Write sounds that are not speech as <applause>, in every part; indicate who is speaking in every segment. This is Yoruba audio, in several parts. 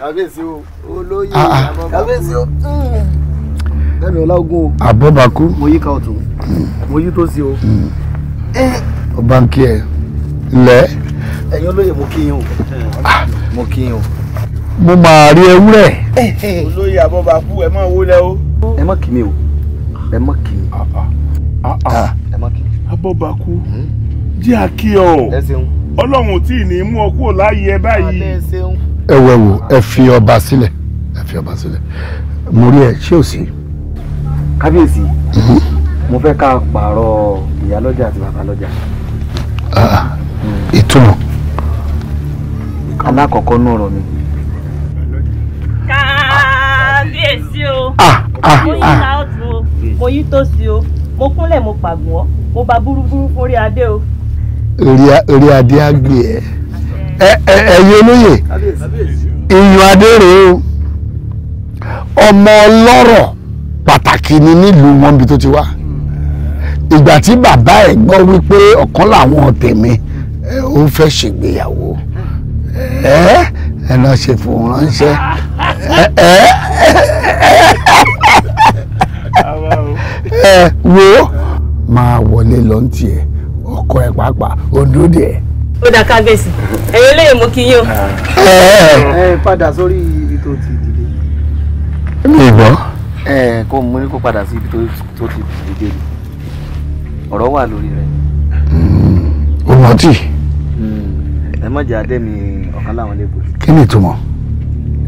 Speaker 1: kábíyèsí o olóyè ah, ah. kábíyèsí o lẹ́mi ká ọ̀tún hmm. mo tó sí o. ọba ń kí ẹ lẹ. ẹ̀yin olóyè mo kí yín o ah. mo kí yín o. mo máa rí ewúrẹ́. olóyè àbọ̀bàkú ẹ má wọlé o. ẹ má kí mi o ẹ má kí mi. ẹ hmm? jẹ́ àkíyọ̀ ọlọ́run tí ì ní mú ọ kúrò láàyè ẹ báyìí ẹ wẹ̀ wò ẹ fi ọba sílẹ̀ ẹ fi ọba sílẹ̀ mo rí ẹ ṣé ò sí. kábíyèsí mhm. mo fẹ́ ká pààrọ̀ ìyálọ́jà àti bàbá lọ́jà.
Speaker 2: Ah, ah, ìtumọ̀. alákọ̀ọ́kọ́ nú ọ̀rọ̀ mi. kábíyèsí o ah, mo yí láòtú o mo o mo kúnlẹ̀ mo pàgùn ọ́ mo bá búrúbúrú fún orí adé o.
Speaker 1: orí adé á gbé ẹ ẹ̀yin olóyè ìyàn adére o ọmọ ọlọ́rọ̀ pàtàkì ni nílùú wọn bí tó ti wá ìgbà tí bàbá ẹ̀ gbọ́ wípé ọ̀kan làwọn tèmi ó fẹ́ ṣègbéyàwó ẹ ẹ lọ ṣe fún ránṣẹ́ ẹ ẹ wo máa wọlé lọ́ntì ẹ ọkọ ẹ pàápàá òdòdó ẹ
Speaker 2: ó da kábíyèsí ẹ̀yin olóyè mo kí yín o. ẹ padà sórí ibi tó ti dìde.
Speaker 1: mi ì gbọ́. ẹ kò mú ní kó padà sí ibi tó ti dìde ni ọ̀rọ̀ wà lórí rẹ̀. Hmm. ó rántí. Hmm. ẹ mọ̀ jẹ́ adé mi ọ̀kan láwọn lẹ́kọ̀ọ́. kí ni ìtumọ̀.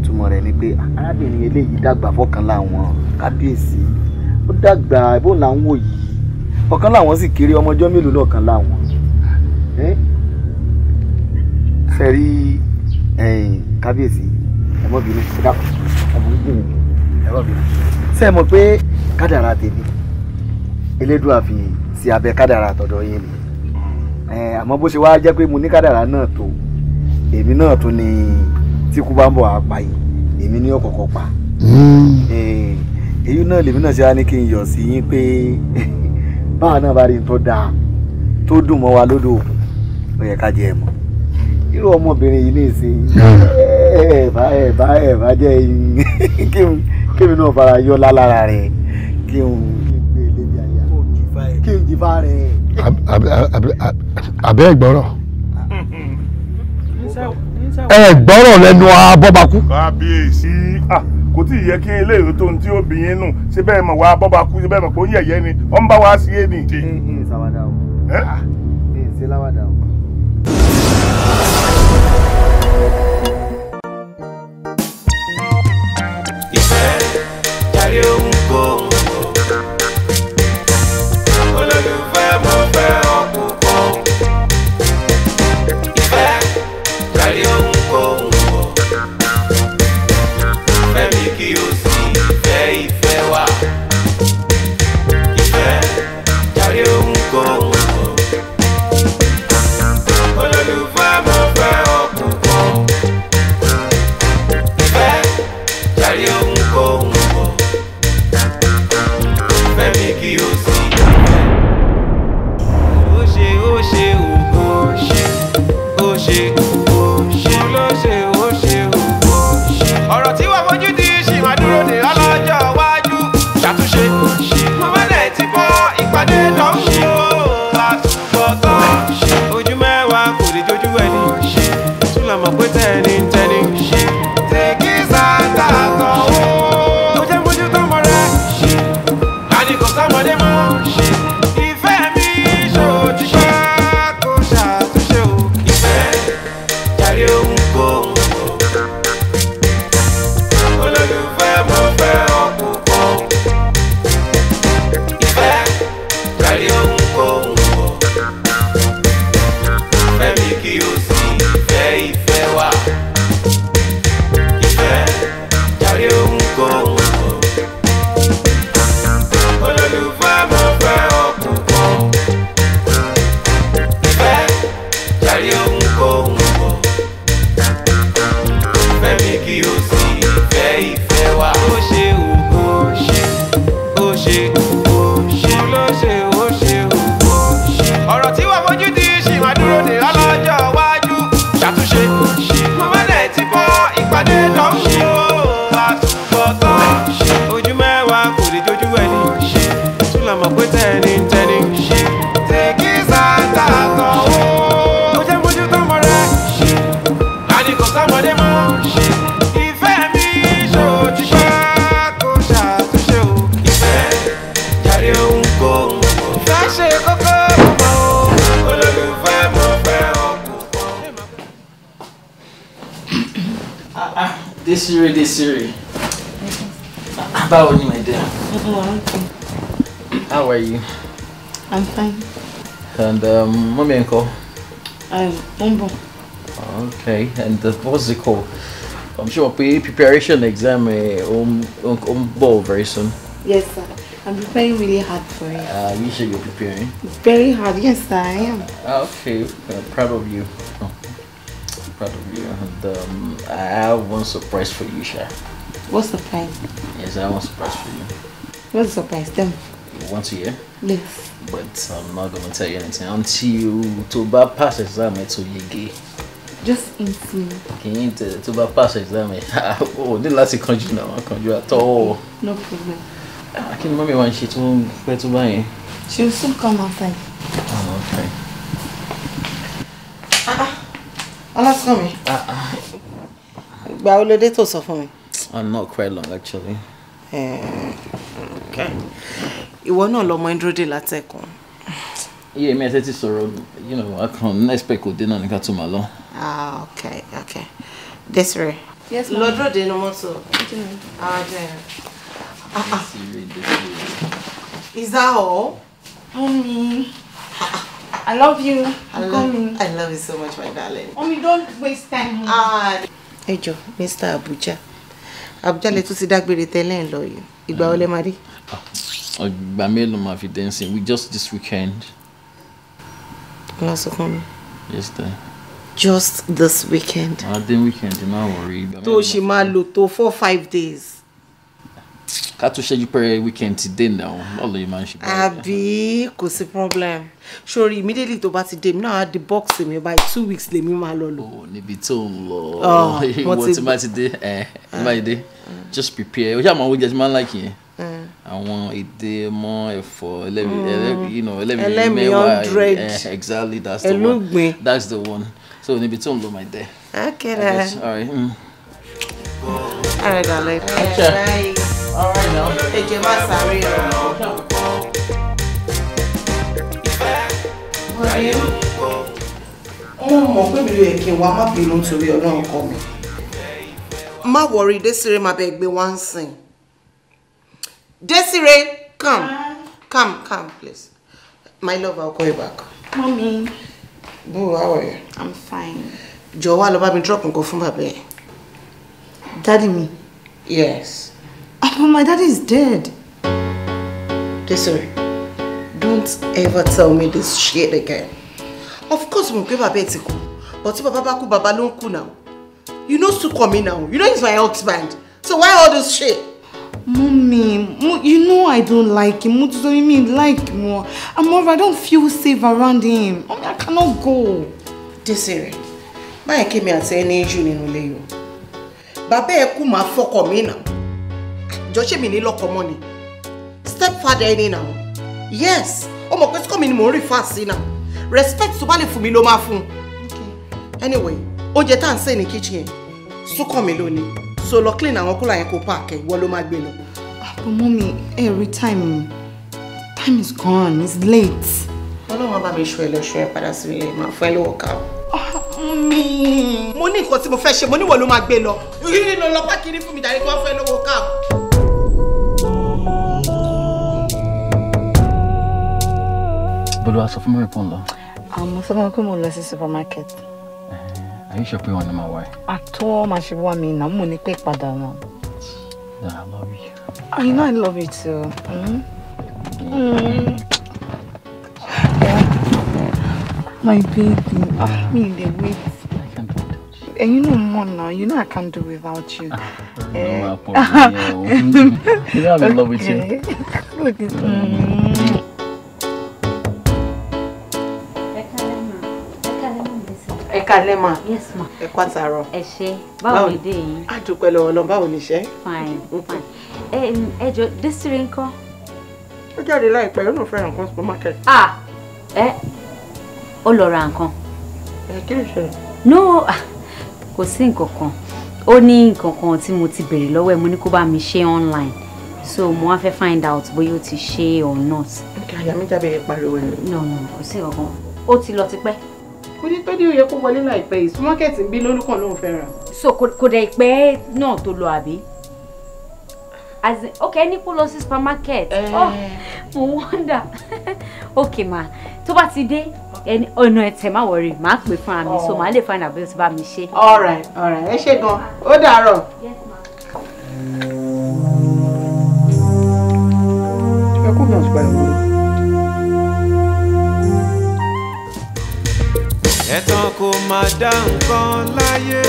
Speaker 1: ìtumọ̀ rẹ̀ ni pé arábìnrin eléyìí dàgbà fọ́kàn láwọn kábíyèsí ó dàgbà ìbò làwọn wò yìí ọ̀kan láwọn sì kiri ọmọ ọjọ́ mélòó lọ́ọ̀kan láwọn sẹ́rí kábíyèsí ẹ mọ̀ bínú ẹ dàpọ̀ ọmọ gbogbo ẹ mọ̀ bínú ṣé ẹ mọ̀ pé kádàrà tèmi elédùà fi sí abẹ́ kádàrà tọ̀dọ̀ yín ni àmọ́ bó ṣe wá jẹ́ pé mo ní kádàrà náà tó èmi náà tún ni tí kú bá ń bọ̀ apá yìí èmi ní ọ̀kọ̀ọ̀kọ̀ pa hmm. èyí náà lèmi náà ṣe wá ní kí n yọ̀ sí yín pé báwa náà bá rí n tó dáa tó dùn mọ́ wa lódò òkun ó yẹ ká jẹ ẹ mọ́ irú ọmọbìnrin yìí ní ìsìn hmm. ẹ̀ẹ̀bá ẹ̀ẹ̀bá ẹ̀ẹ̀bá jẹ́ <laughs> kí mi náà fara yọ lálára rẹ̀ kí n gbé e lébi àyà kí n jìfà rẹ̀. àbẹ́ ẹ̀gbọ́rọ̀ ẹ̀gbọ́rọ̀ lẹ́nu abọ́bakú. kábíyèsí kò tí ì yẹ kí eléyìí tó ń tí ó bìyín nù ṣé bẹ́ẹ̀ mọ̀ wá abọ́bakú ṣé bẹ́ẹ̀ mọ̀ pé ó yẹ̀yẹ́ ni ó ń bá wá sí é nì. ṣé ìṣàwádà o o.
Speaker 3: the what's it called? I'm sure preparation exam eh, um on, on ball very soon.
Speaker 2: Yes, sir. I'm preparing really hard for it. Uh,
Speaker 3: you sure you're preparing?
Speaker 2: Very hard, yes, sir, I am.
Speaker 3: Ah, okay, uh, proud of you. Oh. Proud of you. And, um, I have one surprise for you, Sha. What surprise? Yes, I have one surprise for you.
Speaker 2: What surprise? Them.
Speaker 3: Once a year? Yes. But I'm not going to tell you anything until Toba passes exam, to you gay.
Speaker 2: just insane.
Speaker 3: Okay, í to tó bá pass exam ẹ <laughs> o ní láti now. náà wọn at all. no problem. I can mommy wa ń to tó to buy.
Speaker 2: she will soon come outside.
Speaker 3: Oh, okay.
Speaker 2: Ah, aláṣọ ah. mi. Ah, gba olóde tó sọ for me.
Speaker 3: i'm not quite long actually.
Speaker 2: Eh, okay. You ìwọ to lọmọ ẹdúró dé
Speaker 3: Yeah, me. I said it's sọ̀rọ̀ you know i can expect kò dé náà nígbà tó máa lọ. Ah, okay, okay. this way.
Speaker 2: Yes, ma'am. Lodro de no moto. Ah, there. Ah, ah. Is that all? Mommy. Ah, I love you. I love, I love you so much, my darling. Mommy, don't waste time. Ah. Hey Joe, Mr. Abuja. Abuja lè tún ti dágbére tẹ́lẹ̀ ń lọ yìí. Ìgbà wo lẹ máa rí?
Speaker 3: Ìgbà mélòó máa fi dancing? We just this weekend. Wọ́n sọ fún mi. Yes, dear just this weekend. Ah, then weekend, ẹ not worry. To
Speaker 2: Shima Luto for five days.
Speaker 3: Ká tó ṣẹ́jú pẹ́rẹ́ weekend today now. náà, lọ́lọ́ yìí máa ń ṣe
Speaker 2: báyìí. problem. Sure, immediately to bá ti dé mi náà á di box me by two weeks lèmi máa lọ lò. Oh,
Speaker 3: níbi tó ń lọ. Oh, <laughs> Ìwọ tí bá ti dé ẹ̀ tí bá ti dé just prepare. Oṣù àwọn oúnjẹ tí máa ń láì kìí mm. àwọn èdè mọ ẹ̀fọ́ ẹlẹmi ẹlẹmi ẹlẹmi mẹwàá exactly that's the one that's the one so níbi tó ń lọ my dear. akẹ́rẹ́
Speaker 2: alright darling. alright now. èjè má sáré o. mo my pé mi ò yẹ kí n wá má bínú nítorí ọlọ́run kọ mi. má wọrí Desire máa come come come please my love I'll call you back. Mommy. Boo, how are you? I'm fine. Jọ̀ọ́ wá lọ bá mi drop nǹkan fún Daddy me? Yes. Oh, but my daddy is dead. Desiree, don't ever tell me this shit again. Of course, we'll give bàbá ẹ ti kú. But if bàbá bá kú, bàbá ló now. You know to Sukomi now. You know he's my husband. So why all this shit? Mommy, you know I don't like him. What do you mean like more? And moreover, I don't feel safe around him. Mommy, I cannot go. Desiree, my came here and said any issue nínú ilé yìí. Bàbá ẹ kú máa fọ́kọ mi now. Jọ̀ọ́ ṣé mi ní lọ́kọ mọ́ Stepfather ẹni now. Yes, ó mọ̀ pé sọ́kọ mi ni mò ń Respect to bá lè fún mi ló máa fún. Anyway, oúnjẹ tá à ń kitchen So come alone. lónìí so lọ clean àwọn kúlà yẹn kó páàkì ìwọ ló máa gbé lọ. àbọ̀ ah, mummy every time time is gone it's late. ọlọ́run bá mi ṣọ ẹlẹ́ṣọ́ ẹ padà sí ilé máa fún ẹ lówó ká o. mi. mo ní nǹkan tí mo fẹ́ ṣe mo níwọ̀ ló máa gbé lọ. yìí ló lọ páàkì ní fún mi dàrí kí wọ́n fún ẹ lówó ká o.
Speaker 3: Bolo, a sọ fún mi rẹ̀ pọ̀ ń lọ.
Speaker 2: Àwọn ah, mo fẹ́ kọ́ mo lọ sí supermarket.
Speaker 3: Are you sure pé wọn ni máa wá ẹ?
Speaker 2: Àtọ́ máa ṣe wá mi náà, mo ní pé padà náà. Nah, I love you. I know I love you too. Mm? Mm. Yeah. My baby, ah, me dey wait. I can't do without you. And you know more now, you know I can't do without you. no, I'll probably, yeah.
Speaker 3: You know I'm in love with you.
Speaker 4: Look, at Mm. kalẹ̀ ma. yes ma. ẹ kó àtàrọ. ẹ ṣe báwo ni dé yín. a dúpẹ́ lọ́wọ́ lọ báwo ni iṣẹ́. fine <laughs> fine ẹ jọ dísìrì ńkọ́. ó jáde láìpẹ́ ó lóun fẹ́ràn nǹkan supermarket. ah ẹ ó lọ ra nǹkan. ẹ kí ló ṣe. no kò sí nǹkan kan ó ní nǹkan kan tí mo ti béèrè lọ́wọ́ ẹ̀ mo ní kó bá mi ṣe online so mo wá fẹ́ find out bóyá ó ti ṣe or not. ok àyà mi jábẹ́ pariwo ẹ̀. no no kò sí nǹkan kan ó ti lọ tipẹ́ kò ní tó ní òye kó wọlé láìpẹ́ yìí súnmọ́kẹ́tì ń bí lórúkọ lóun fẹ́ rà. so kò dẹ̀ ìpẹ́ náà tó lọ àbí as in okay ní kó lọ sí supermarket eh. oh mo wonder <laughs> okay ma tó bá ti dé ẹni ọ̀nà ẹ̀tẹ̀ má wọrí màá pè fún mi so oh. màá lè find out bí o ti bá mi ṣe. all right ẹ ṣé gan
Speaker 2: ó dàárọ̀. yes
Speaker 5: ẹ̀tàn kò má dá nǹkan láyé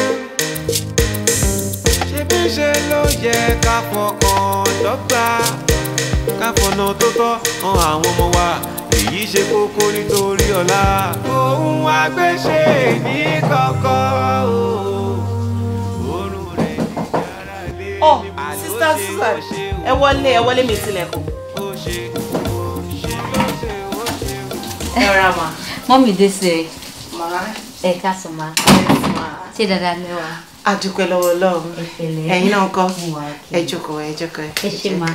Speaker 5: ṣebí ṣe ló yẹ ká fọkàn dọ́gba ká fọ̀nà tó tọ́ han àwọn ọmọ wa èyí ṣe kókó nítorí ọ̀la. òun wá gbé ṣe ní kọ̀kọ́
Speaker 2: oorun rẹ̀ yàrá lé mi. ọ sista Susan ẹ wọlé ẹ wọlé mi tilẹ̀kùn. ẹ rà mà.
Speaker 4: mọ́mí dé sí i ma. ẹ ká sọ ma. ṣé dáadáa ni wa.
Speaker 2: a dúpẹ́ lọ́wọ́ ọlọ́run ẹ̀yin náà kọ́ ẹ jókòó ẹ jókòó ẹ. ṣe
Speaker 4: ma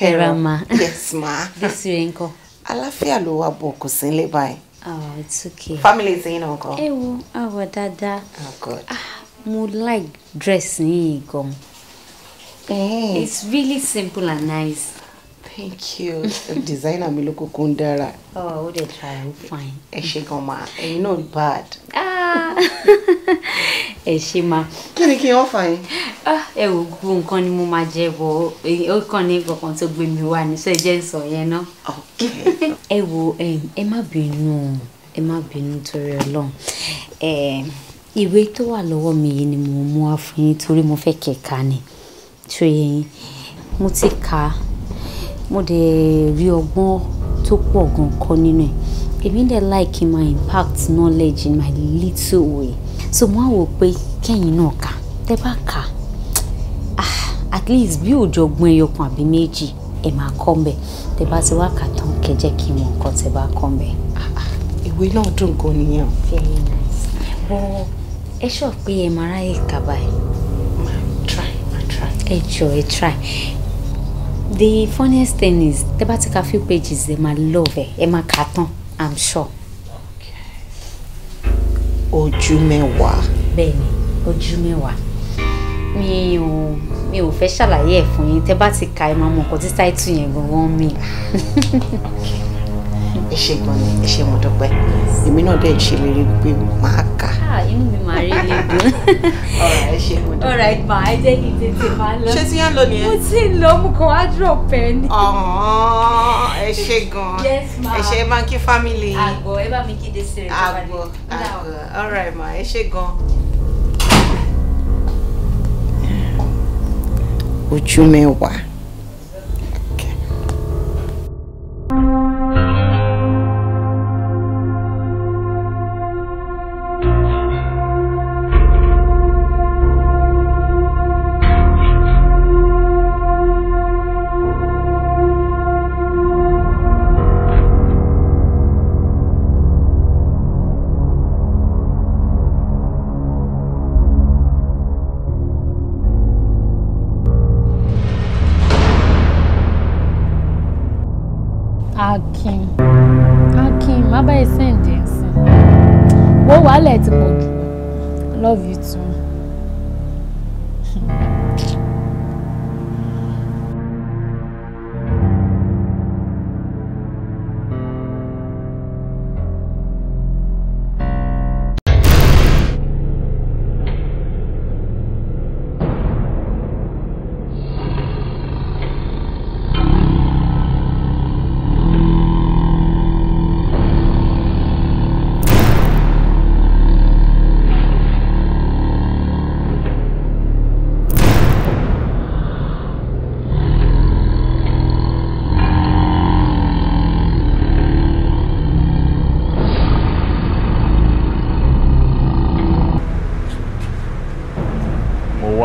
Speaker 4: ẹ ra ma. yes ma. bísí rẹ ń kọ́. aláfíà ló wà bọ̀ kò sí nílé báyìí. oh it's okay. family ti yín náà kọ́. ẹ wo àwọ̀ dáadáa. oh good. ah mo like dress yín gan. Hey. Eh. it's really simple and nice thank you designer mi ló kúkú oh o dey try i'm fine. ẹ ṣe gan ma ẹyin náà bad. Ah. ẹ ṣe ma. kí ni kí n ọ̀fà yín. Ah, ẹ wò gbogbo nǹkan ni mo máa jẹ bọ ó kàn ní kankan tó gbé mi wá ní sọ jẹ́ sọ yẹn náà. ẹ wò ẹ má bínú ẹ má bínú torí Ọlọ́run ìwé tó wà lọ́wọ́ mi yìí ni mo mú wá fún yín torí mo fẹ́ kẹ̀ka ni ṣòye yín mo ti kà á mo dẹ̀ rí ọgbọ́n tó pọ̀ gan kọ́ nínú ẹ̀ èmi dẹ̀ like in my impact knowledge in my little way so mo á wò pé kẹ́yìn náà kà tẹ́ bá kà ah at least bí òjọ̀gbọ́n ẹyọkan àbí méjì ẹ̀ máa kọ́ mbẹ̀ tẹ́ bá ti wá kà tán kẹ́ jẹ́ kí n mọ̀ nǹkan tẹ́ bá kọ́ mbẹ̀. Ah, ah, ìwé náà dùn gan nìyẹn. very nice bọ ẹ ṣọ pé ẹ máa ráyè kà báyìí. ma try ma try. ẹ jọ ẹ try the funniest thing is tẹ bá ti ka few pages ẹ máa love ẹ ẹ máa kà tán i'm sure.
Speaker 2: ojú mẹ́wàá.
Speaker 4: bẹ́ẹ̀ni ojú mẹ́wàá mi ò mi ò fẹ́ ṣàlàyé ẹ̀ fún yín tẹ bá ti ka ẹ máa mọ ọkọ̀ tí táìtù yẹn gan-an mi. <laughs> ẹ ṣe gan ni ẹ ṣe mo dúpẹ́ èmi náà dẹ̀ ṣèlérí pé màá kà. <laughs> Ah, inú mi máa rí ilé dùn. ọ̀rọ̀ ẹ ṣe mo dúpẹ́. ọ̀rọ̀ ìgbà ẹ jẹ́ kí n tètè máa lọ. ṣé tí yẹn lọ nìyẹn. mo ti lọ mo kàn wá drop ẹ ni. ẹ ṣe gan ẹ ṣe ẹ bá kí fámìlì yìí. ẹ bá mi kéde sí rẹ. àgbọ àgbọ ọ̀rọ̀ ẹ̀ mà ẹ ṣe gan.
Speaker 2: ojú mẹ́wàá.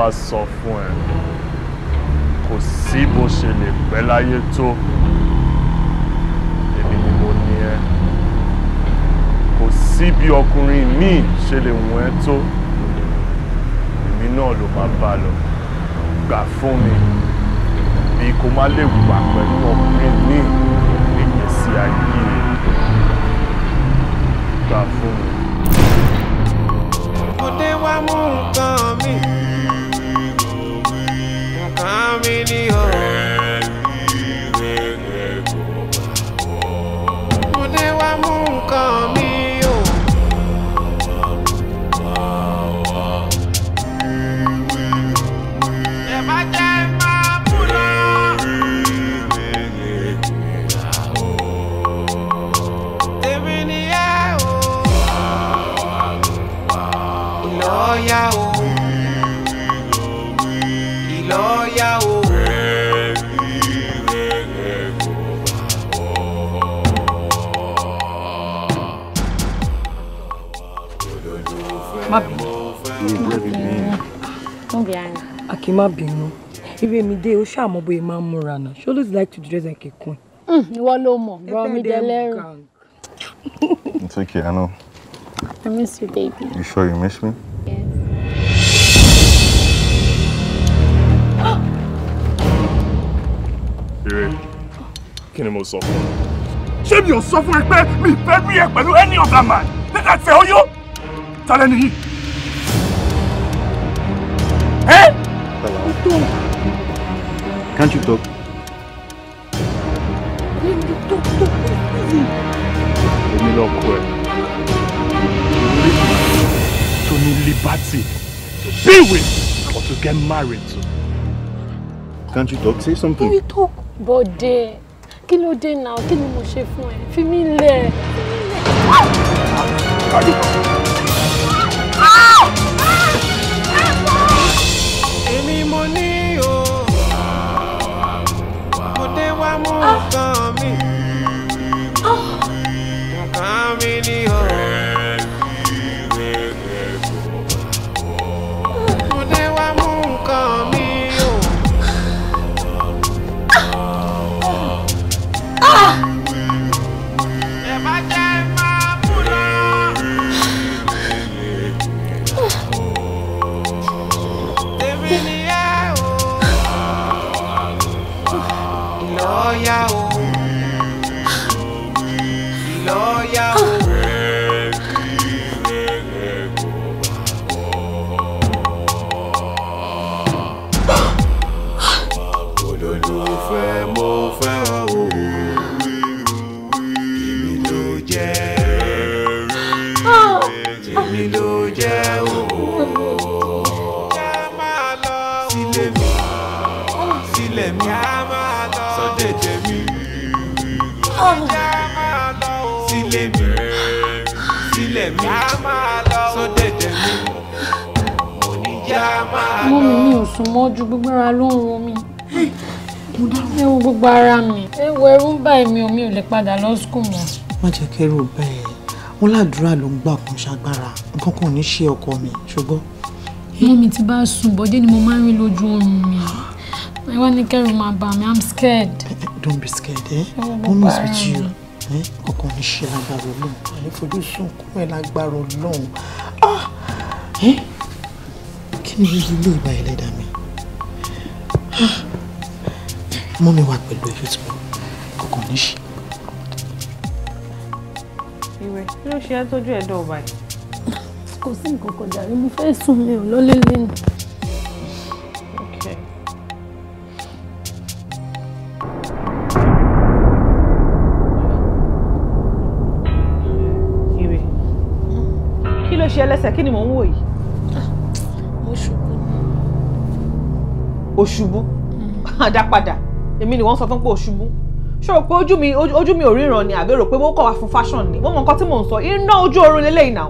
Speaker 2: bá sọ fún ẹ kò sí bó ṣe lè pẹ́ láyé tó. ṣáà mọ bóyá máa ń múra náà she always like to dress like a queen.
Speaker 6: Hmm, ìwọ ló mọ bro mi dé lẹ́rù.
Speaker 2: it's okay i know.
Speaker 6: i miss you baby.
Speaker 2: you sure you miss me. yes. <gasps> Ire, kí ni mo sọ fún ọ?
Speaker 1: Ṣé mi ò sọ fún ẹ pé mi fẹ́ rí ẹ pẹ̀lú any other man? Nígbà tí ẹ ọyọ́, ta lẹ́nu yìí?
Speaker 5: Ẹ́! Tó. Can't you talk?
Speaker 2: Èmi lọkọ ẹ̀. To liberty
Speaker 1: be with or to get married to. Can't you talk? Say something. Èmi
Speaker 6: tó bọ̀dẹ̀. Kí ló dé náà? Kí ni mo ṣe fún ẹ? Fi mí lẹ̀. Fi mí lẹ̀.
Speaker 5: amor ah. sílẹ̀ mi sódèdè mi mo
Speaker 6: ní yá máa lọ. mú mi mi ò sùn mọ́jú gbígbára ló ń ro mi ẹ wo gbogbo ara mi ẹ wo ẹrú ń bá èmi omi ò lè padà lọ sùkúù mọ́.
Speaker 2: má jẹ́ kẹ́rù bẹ́ẹ̀ wọ́n ládùúrà ló ń gbà kún ṣàgbára nǹkan kan ò ní ṣe ọkọ mi ṣùgbọ́n.
Speaker 6: mú mi ti bá sùn bọ́jẹ́ ni mo máa ń rí lójú oorun mi ẹ wá ní kẹ́rù máa bà mí i'm scared. Eh,
Speaker 2: eh, don't be scared eh? mom is with you ọkàn mi ṣe lágbára Ọlọ́run àní fojú sunkún ẹ lágbára Ọlọ́run ah! eh? kí ni yíyí ilé ìgbà ẹlẹ́dàá mi ah! mú mi wá pẹ̀lú ojú tí mo ọkàn mi ṣe. ìwé kí ló ṣe é tójú ẹ̀dọ̀ ọ̀bà yìí.
Speaker 6: kò sí nǹkan kan jàre mo fẹ́ sùn mi ò lọ́lé lẹ́nu.
Speaker 2: ẹsẹ̀ kí ni mò ń wò yìí. mo ṣubú. o ṣubú àdápadà èmi ni wọ́n sọ fún pé o ṣubú ṣé o pé ojú mi ojú mi ò ríran ni àbí rò pé mo kọ̀ wá fún fashion ni mo mọ nǹkan tí mò ń sọ iná ojú oorun lélẹ́yìn náà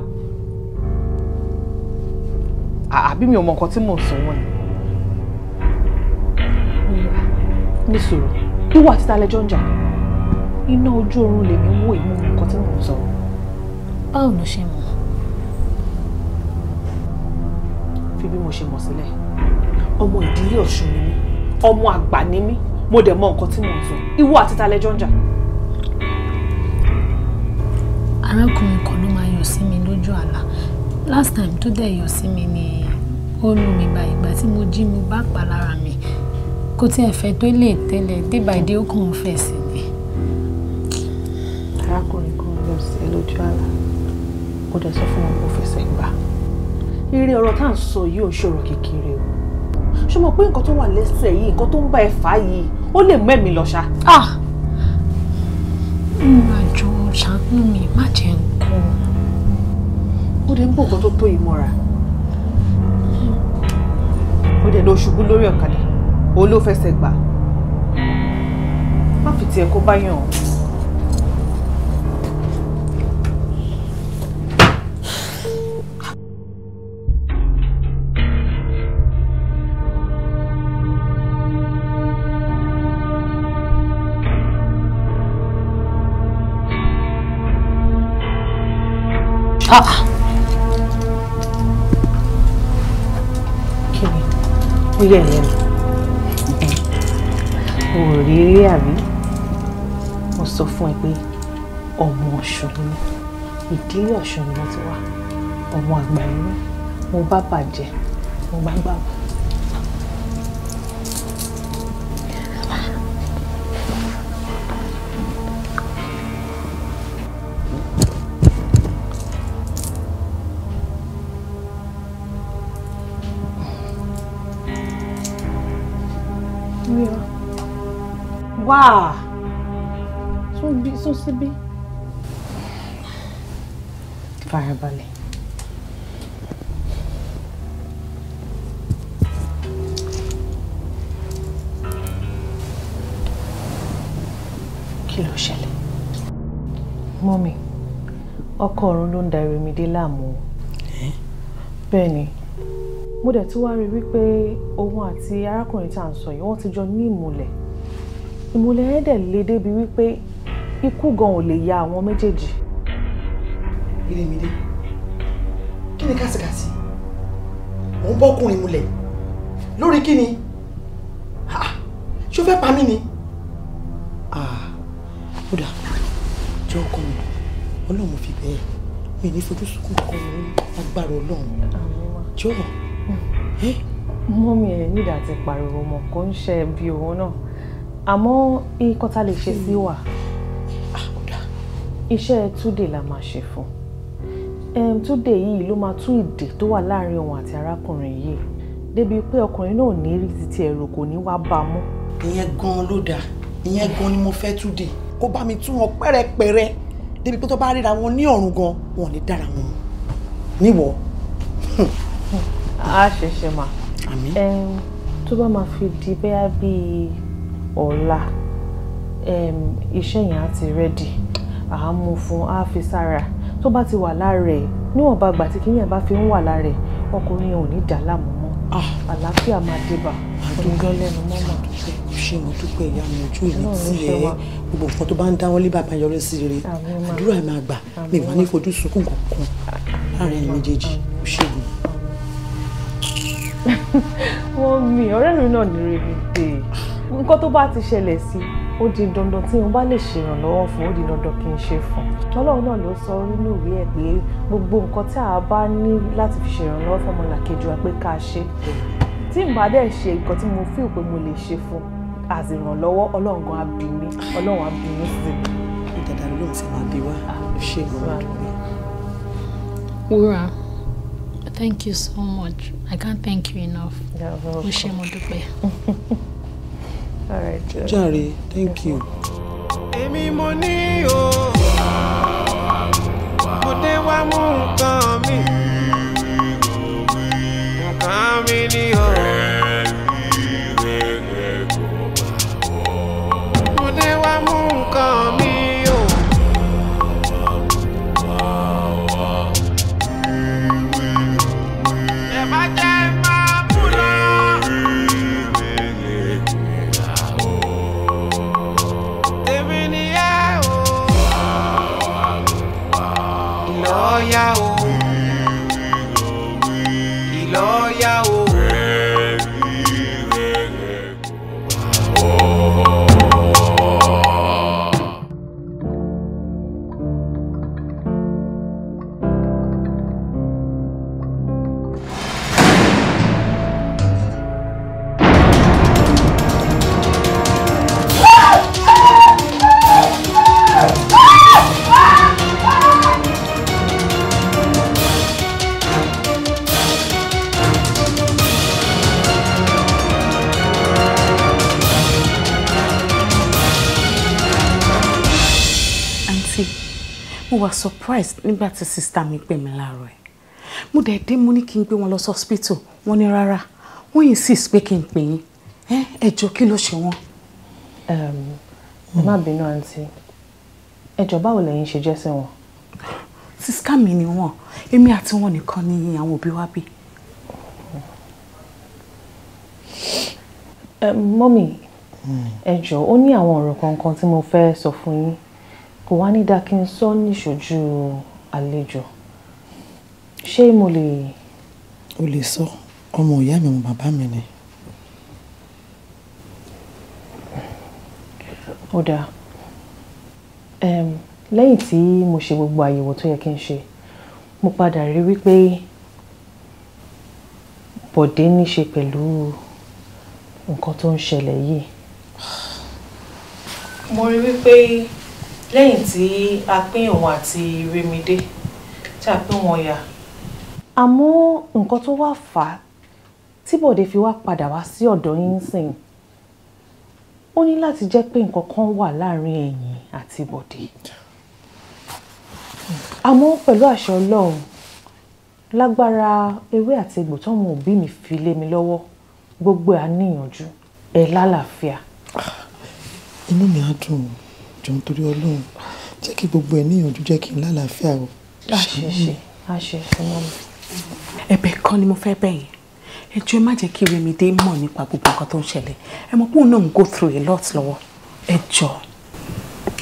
Speaker 2: àbí mi ò mọ nǹkan tí mò ń sọ wọn ni. ní sòrò ìwọ àti talẹjọ ń jà iná ojú oorun lèmi wò ìmú nǹkan tí mò ń sọ. báwo ló ṣe mọ. fi bí mo ṣe mọ̀ sílẹ̀ ọmọ ìdílé ọ̀ṣun ni mí ọmọ àgbà ni mí mo dẹ̀ mọ nǹkan tí mo ń sọ ìwọ àti talẹ́jọ́ ń jà.
Speaker 6: arákùnrin kan ló máa yọ sí mi lójú àlá last time tó dẹ̀ yọ sí mi ni ó lù mí gba ìgbà tí mo jí mo bá pa lára mi kò tiẹ̀ fẹ́ tó lè tẹ́lẹ̀
Speaker 2: débàdé ó kàn ń fẹ̀ sí mi. arákùnrin kan yọ sí ẹ lójú àlá ó dẹ̀ sọ fún wọn kó fẹsẹ̀ gbà eré ọ̀rọ̀ tá à ń sọ yìí ò ṣòro kékeré o ṣé mo pé nǹkan tó wà lẹ́sẹ̀ yìí nǹkan tó ń bá ẹ fà á yìí ó lè mú ẹ̀mí lọ ṣá. ah mo máa jọ ṣàánú mi má jẹ́ nǹkan. ó dẹ̀ ń bọ̀ nǹkan tó tó yìí mọ́ra ó dẹ̀ lọ ṣubú lórí ọ̀kadà òun ló fẹsẹ̀ gbà má fi tiẹ̀ kó bá yàn ọ́. rẹ̀ lẹ́nu o ò rí rí àbí mo sọ fún ẹ pé ọmọ ọ̀ṣun ni ìdílé ọ̀ṣun ni mo ti wá ọmọ àgbà ni mo bá bàjẹ́ mo bá gbàgbọ́. síbí. farabalẹ̀. kí ló ṣẹlẹ̀? mọ́mì ọkọ ọ̀run ló ń da eré mi dé láàmú o. bẹ́ẹ̀ ni mo dẹ̀ tún wá rí wípé òun àti arákùnrin tá à ń sọ yìí wọ́n ti jọ ní ìmùlẹ̀ ìmùlẹ̀ yẹn dẹ̀ le débi wípé ikú gan ò lè ya àwọn méjèèjì. Ìrèmídé kí ni kásìkásì mò ń bọ́kùnrin mulẹ̀ lórí kí ni ṣé o fẹ́ pa mí ni. ó dà jẹ́ ọkọ mi ọlọ́run fi bẹ́ẹ̀ mi ní fojú sunkún kan agbára ọlọ́run jọ̀wọ́. mọ́mí ẹ̀ nídà ti pariwo mọ̀ kó ń ṣe bí òun náà àmọ́ ikọ́ ta lè ṣe sí wà iṣẹ́ Túndé la máa ṣe fún um, Túndé yìí ló máa tú ìdè tó wà láàrin òun àti arákùnrin yìí débi pé ọkùnrin náà ní rí títí ẹ̀rọ kò ní wá bá a mú. ìyẹn gan-an ló dáa ìyẹn gan-an ni mo fẹ́ Túndé kó bá mi tú wọn pẹ́rẹpẹ̀rẹ débi pé tó bá ríra wọn ní ọ̀run gan wọn ní dára wọn níwọ. a ṣẹ̀ṣẹ̀ mà tó bá máa fi di bẹ́ẹ̀ bíi ọ̀la iṣẹ́ yẹn á ti rẹ́dì àá mú fún á fi sára tó bá ti wà lára ẹ̀ níwọ̀nba àgbà tí kínyìn bá fi ń wà lára ẹ̀ ọkùnrin ò ní dà láàmú mọ́ àlàáfíà máa débà ọdún lẹ́nu mọ́ mà dúpẹ́ ṣé mo dúpẹ́ ìyá mi ojú ìlú tiẹ̀ gbogbo nǹkan tó bá ń dáwọ́ lé bàbá yọrí sí rere àdúrà ẹ̀ máa gbà mi wà ní fojú sunkún kankan láàrin ẹni méjèèjì ṣègùn. wọ́n mi ọ̀rẹ́ mi náà ní rèé nǹkan tó bá ti ṣẹlẹ̀ sí i ó di dandan tí mo bá lè ṣèrànlọ́wọ́ fún ó di dandan kí n ṣe fún un ọlọ́run náà ló sọ nínú ìwé ẹ̀ pé gbogbo nǹkan tí a bá ní láti fi ṣèrànlọ́wọ́ fún ọmọlàkejì wa pé ká ṣe tí n bá dẹ̀ ṣe nǹkan tí mo feel pé mo lè ṣe fún àṣìrànlọ́wọ́ ọlọ́run gan á bí mi ọlọ́run á bí mi sí mi. ìdàdà lóun ti máa bí wá ṣé ìgbọ́n àdúgbò.
Speaker 6: wúrà thank you so much i can't thank you enough. o ṣé mo dúpẹ́. <laughs> all thank you. èmi mo ní
Speaker 5: o mo dé wá mú nǹkan mi nǹkan mi ní o.
Speaker 2: were surprised nígbà tí sister mi pè mí láàárọ̀ ẹ̀ mo dẹ̀ dé mo ní kí n gbé wọn lọ sí hospital wọ́n ní rárá wọ́n insist pé kí n pè yín ẹ jọ̀ọ́ kí ló ṣe wọ́n. má bínú àǹtí ẹ jọ̀ọ́ báwo lẹ́yìn ṣe jẹ́ sí wọn. sísá mi ni wọn èmi àti wọn nìkan ni àwọn òbí wa bí. mọ́mì hmm. ẹ jọ̀ọ́ ó ní àwọn ọ̀rọ̀ kankan tí mo fẹ́ sọ fún yín kò wá ní dáa kí n sọ níṣojú àlejò ṣé mo lè. o lè sọ ọmọ ìyá mi ọmọ bàbá mi ni. ó dáa lẹ́yìn tí mo ṣe gbogbo àyẹ̀wò tó yẹ kí n ṣe mo padà rí wípé bọ̀dé ní ṣe pẹ̀lú nǹkan tó ń ṣẹlẹ̀ yìí. mo rí wípé lẹ́yìn tí a pín òun àti Remide tí a pín wọn yà. àmọ́ nǹkan tó wá fà á tí Bọ̀dé fi wá padà wá sí ọ̀dọ̀ yín sìn ó ní láti jẹ́ pé nǹkan kan wà láàrin ẹ̀yin àti Bọ̀dé àmọ́ pẹ̀lú àṣẹ Ọlọ́run lágbára ewé àti egbò tọ́wọn òbí mi fi lé mi lọ́wọ́ gbogbo àníyànjú ẹ̀ lálàáfíà. inú mi á dùn o jọ nítorí ọlọ́run jẹ́ kí gbogbo ẹ̀ níyànjú jẹ́ kí n lálàáfíà o. àṣẹṣe àṣẹṣe mọ́ mi. ẹ̀bẹ̀ kan ni mo fẹ́ bẹ̀ yín ẹ má jẹ́ kí Remide mọ̀ nípa gbogbo nǹkan tó ń ṣẹlẹ̀ ẹ mọ̀ pé òun náà ń go through a lot lọ́wọ́ ẹjọ́.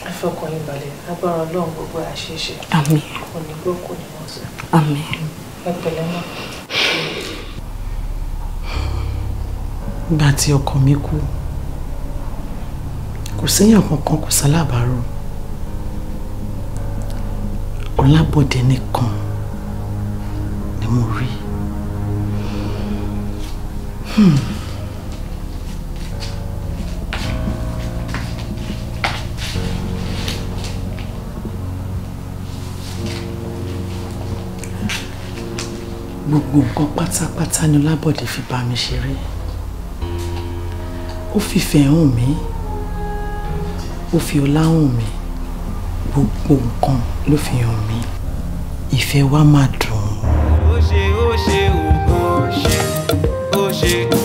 Speaker 2: ẹ fọkàn yín balẹ̀ agbára ọlọ́run gbogbo àṣeṣe. àmín. kò ní kò ní mọ̀ sí. àmín. ẹ pẹ̀lẹ́ náà. nígbà ọkọ mi kú kò séèyàn kankan kò sálábàárò ọlábọ̀dé nìkan ni mo rí hmm. gbogbo nǹkan pátápátá ni ọlábọ̀dé fi bá mi ṣeré ó fìfẹ́ hàn mí. Hmm ó fi ọlá hàn mí gbogbo nǹkan ló fi hàn mí ìfẹ́ wa máa dùn. ó ṣe ó ṣe ó ṣe ó ṣe.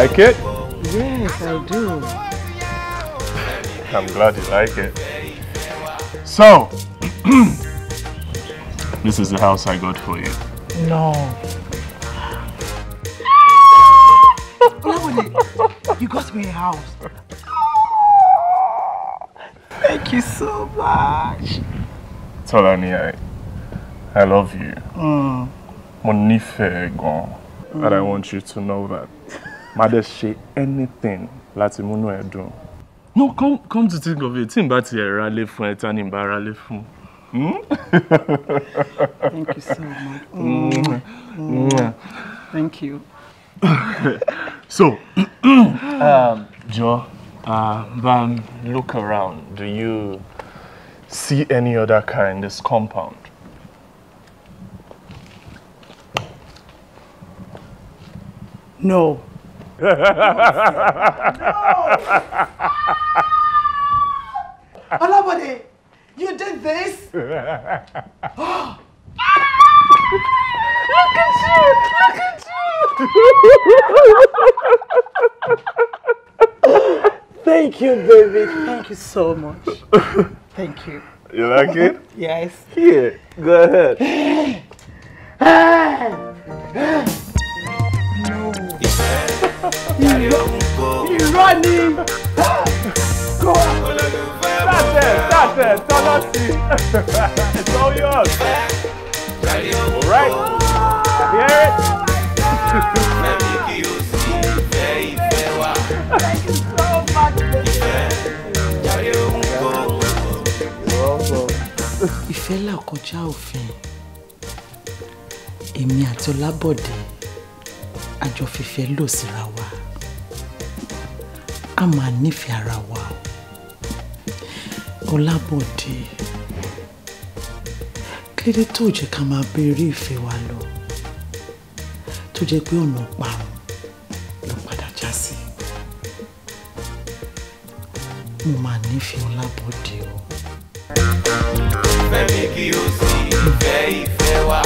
Speaker 2: like it? Yes, I do.
Speaker 5: I'm glad you like it.
Speaker 2: So, <clears throat> this is the house I got for you. No. you got me a house. Thank you so much. Tolani, I, I love you. Mm. And I want you to know that. máa dẹ̀ ṣe anything láti múnú ẹ dùn. no come come to think of it tí n bá tiẹ̀ ra lé fún ẹ ta ni n bá ra lé fún. Hmm? thank you so much. Mm. Mm. Mm. thank you. <laughs> so <clears throat> um, jọ uh, look around do you see any other car in this compound. No. no. Olabode, you did this? look at you! Look at you! Thank you, David. Thank you so much. Thank you.
Speaker 1: You like it? yes. Here, go ahead.
Speaker 2: <gasps> no.
Speaker 1: irọ́
Speaker 5: ni kó tàtẹ̀ tàtẹ̀ tọ́lọ́ sí it's all right hear it. Thank you so much.
Speaker 2: Ìfẹ́ là kọjá òfin èmi àti Ọlábọ̀dé àjọ fìfẹ́ lò síra wa a máa nífẹ̀ẹ́ ara wa o Ọlábọ̀dé kílódé tó jẹ́ ká máa béèrè ìfẹ́ wa lọ tó jẹ́ pé ọ̀nà parun ló padà já sí mo máa nífẹ̀ẹ́ Ọlábọ̀dé o.
Speaker 5: fẹ́mi kí o sì fẹ́ ìfẹ́ wa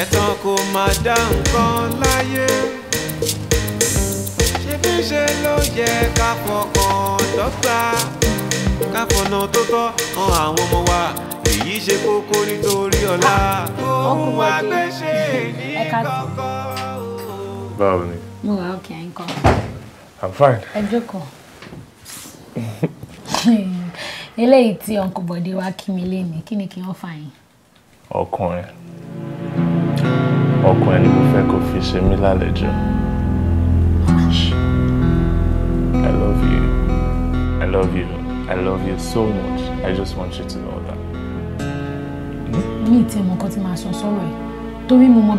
Speaker 5: ẹ̀tàn kò máa dá nǹkan láyé níṣẹ́ ló yẹ ká fọkàn dọ́gba ká fọ̀nà tó tọ́ han àwọn ọmọ wa èyí ṣe kókó nítorí ọ̀la
Speaker 6: ohun àgbẹ̀ṣe ní kọ̀ọ̀kan. báwo ni. mo wà òkè àyínkọ. i'm fine. ẹ jókòó eléyìí tí uncle bọ̀dé wá kí mi lénìí kí ni kí wọ́n fà yín.
Speaker 2: ọkùnrin ọkùnrin ni mo fẹ́ kó fi ṣe mí lálejò. I love you. I love you. I love you so much. I just want you to know that.
Speaker 6: Me ì tí ẹ mọ nǹkan tí màá sọ sọ́rọ̀ ẹ̀ torí mo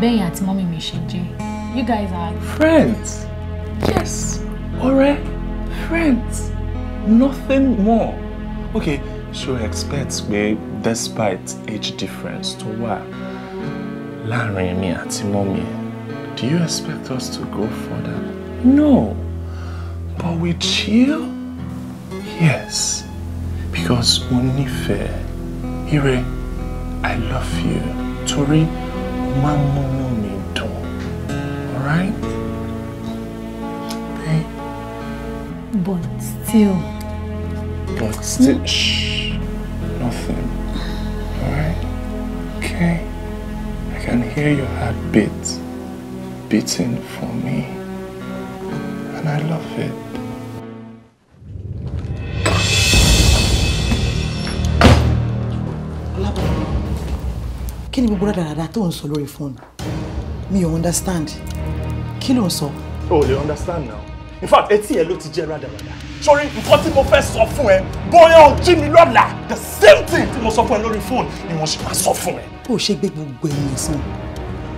Speaker 6: You guys are. Friends!
Speaker 2: Yes! Alright. Friends! Nothing more. Okay, so expect pé despite age difference to what? láàrin me àti mommy. do you expect us to go further? No! But we chill? Yes. Because mo fair. Ire, I love you. Torí, máa ń múnú Alright?
Speaker 6: Babe. But still.
Speaker 2: But still, mm. shh. Nothing. Alright? Okay. I can hear your heartbeat beating for me. And I love it. ni gbogbo rádaràda tó ń sọ lórí fóònù mi ò understand kí ló ń sọ. o lè understand now in fact etí ẹ ló ti jẹ rádaràda sórí nǹkan tí mo fẹ́ sọ fún ẹ bóyá o jí mi lọ́la the same thing tí mo sọ fún ẹ lórí fóònù ni mo ṣe máa sọ fún ẹ. bó o ṣe gbé gbogbo ẹ̀yìn sàn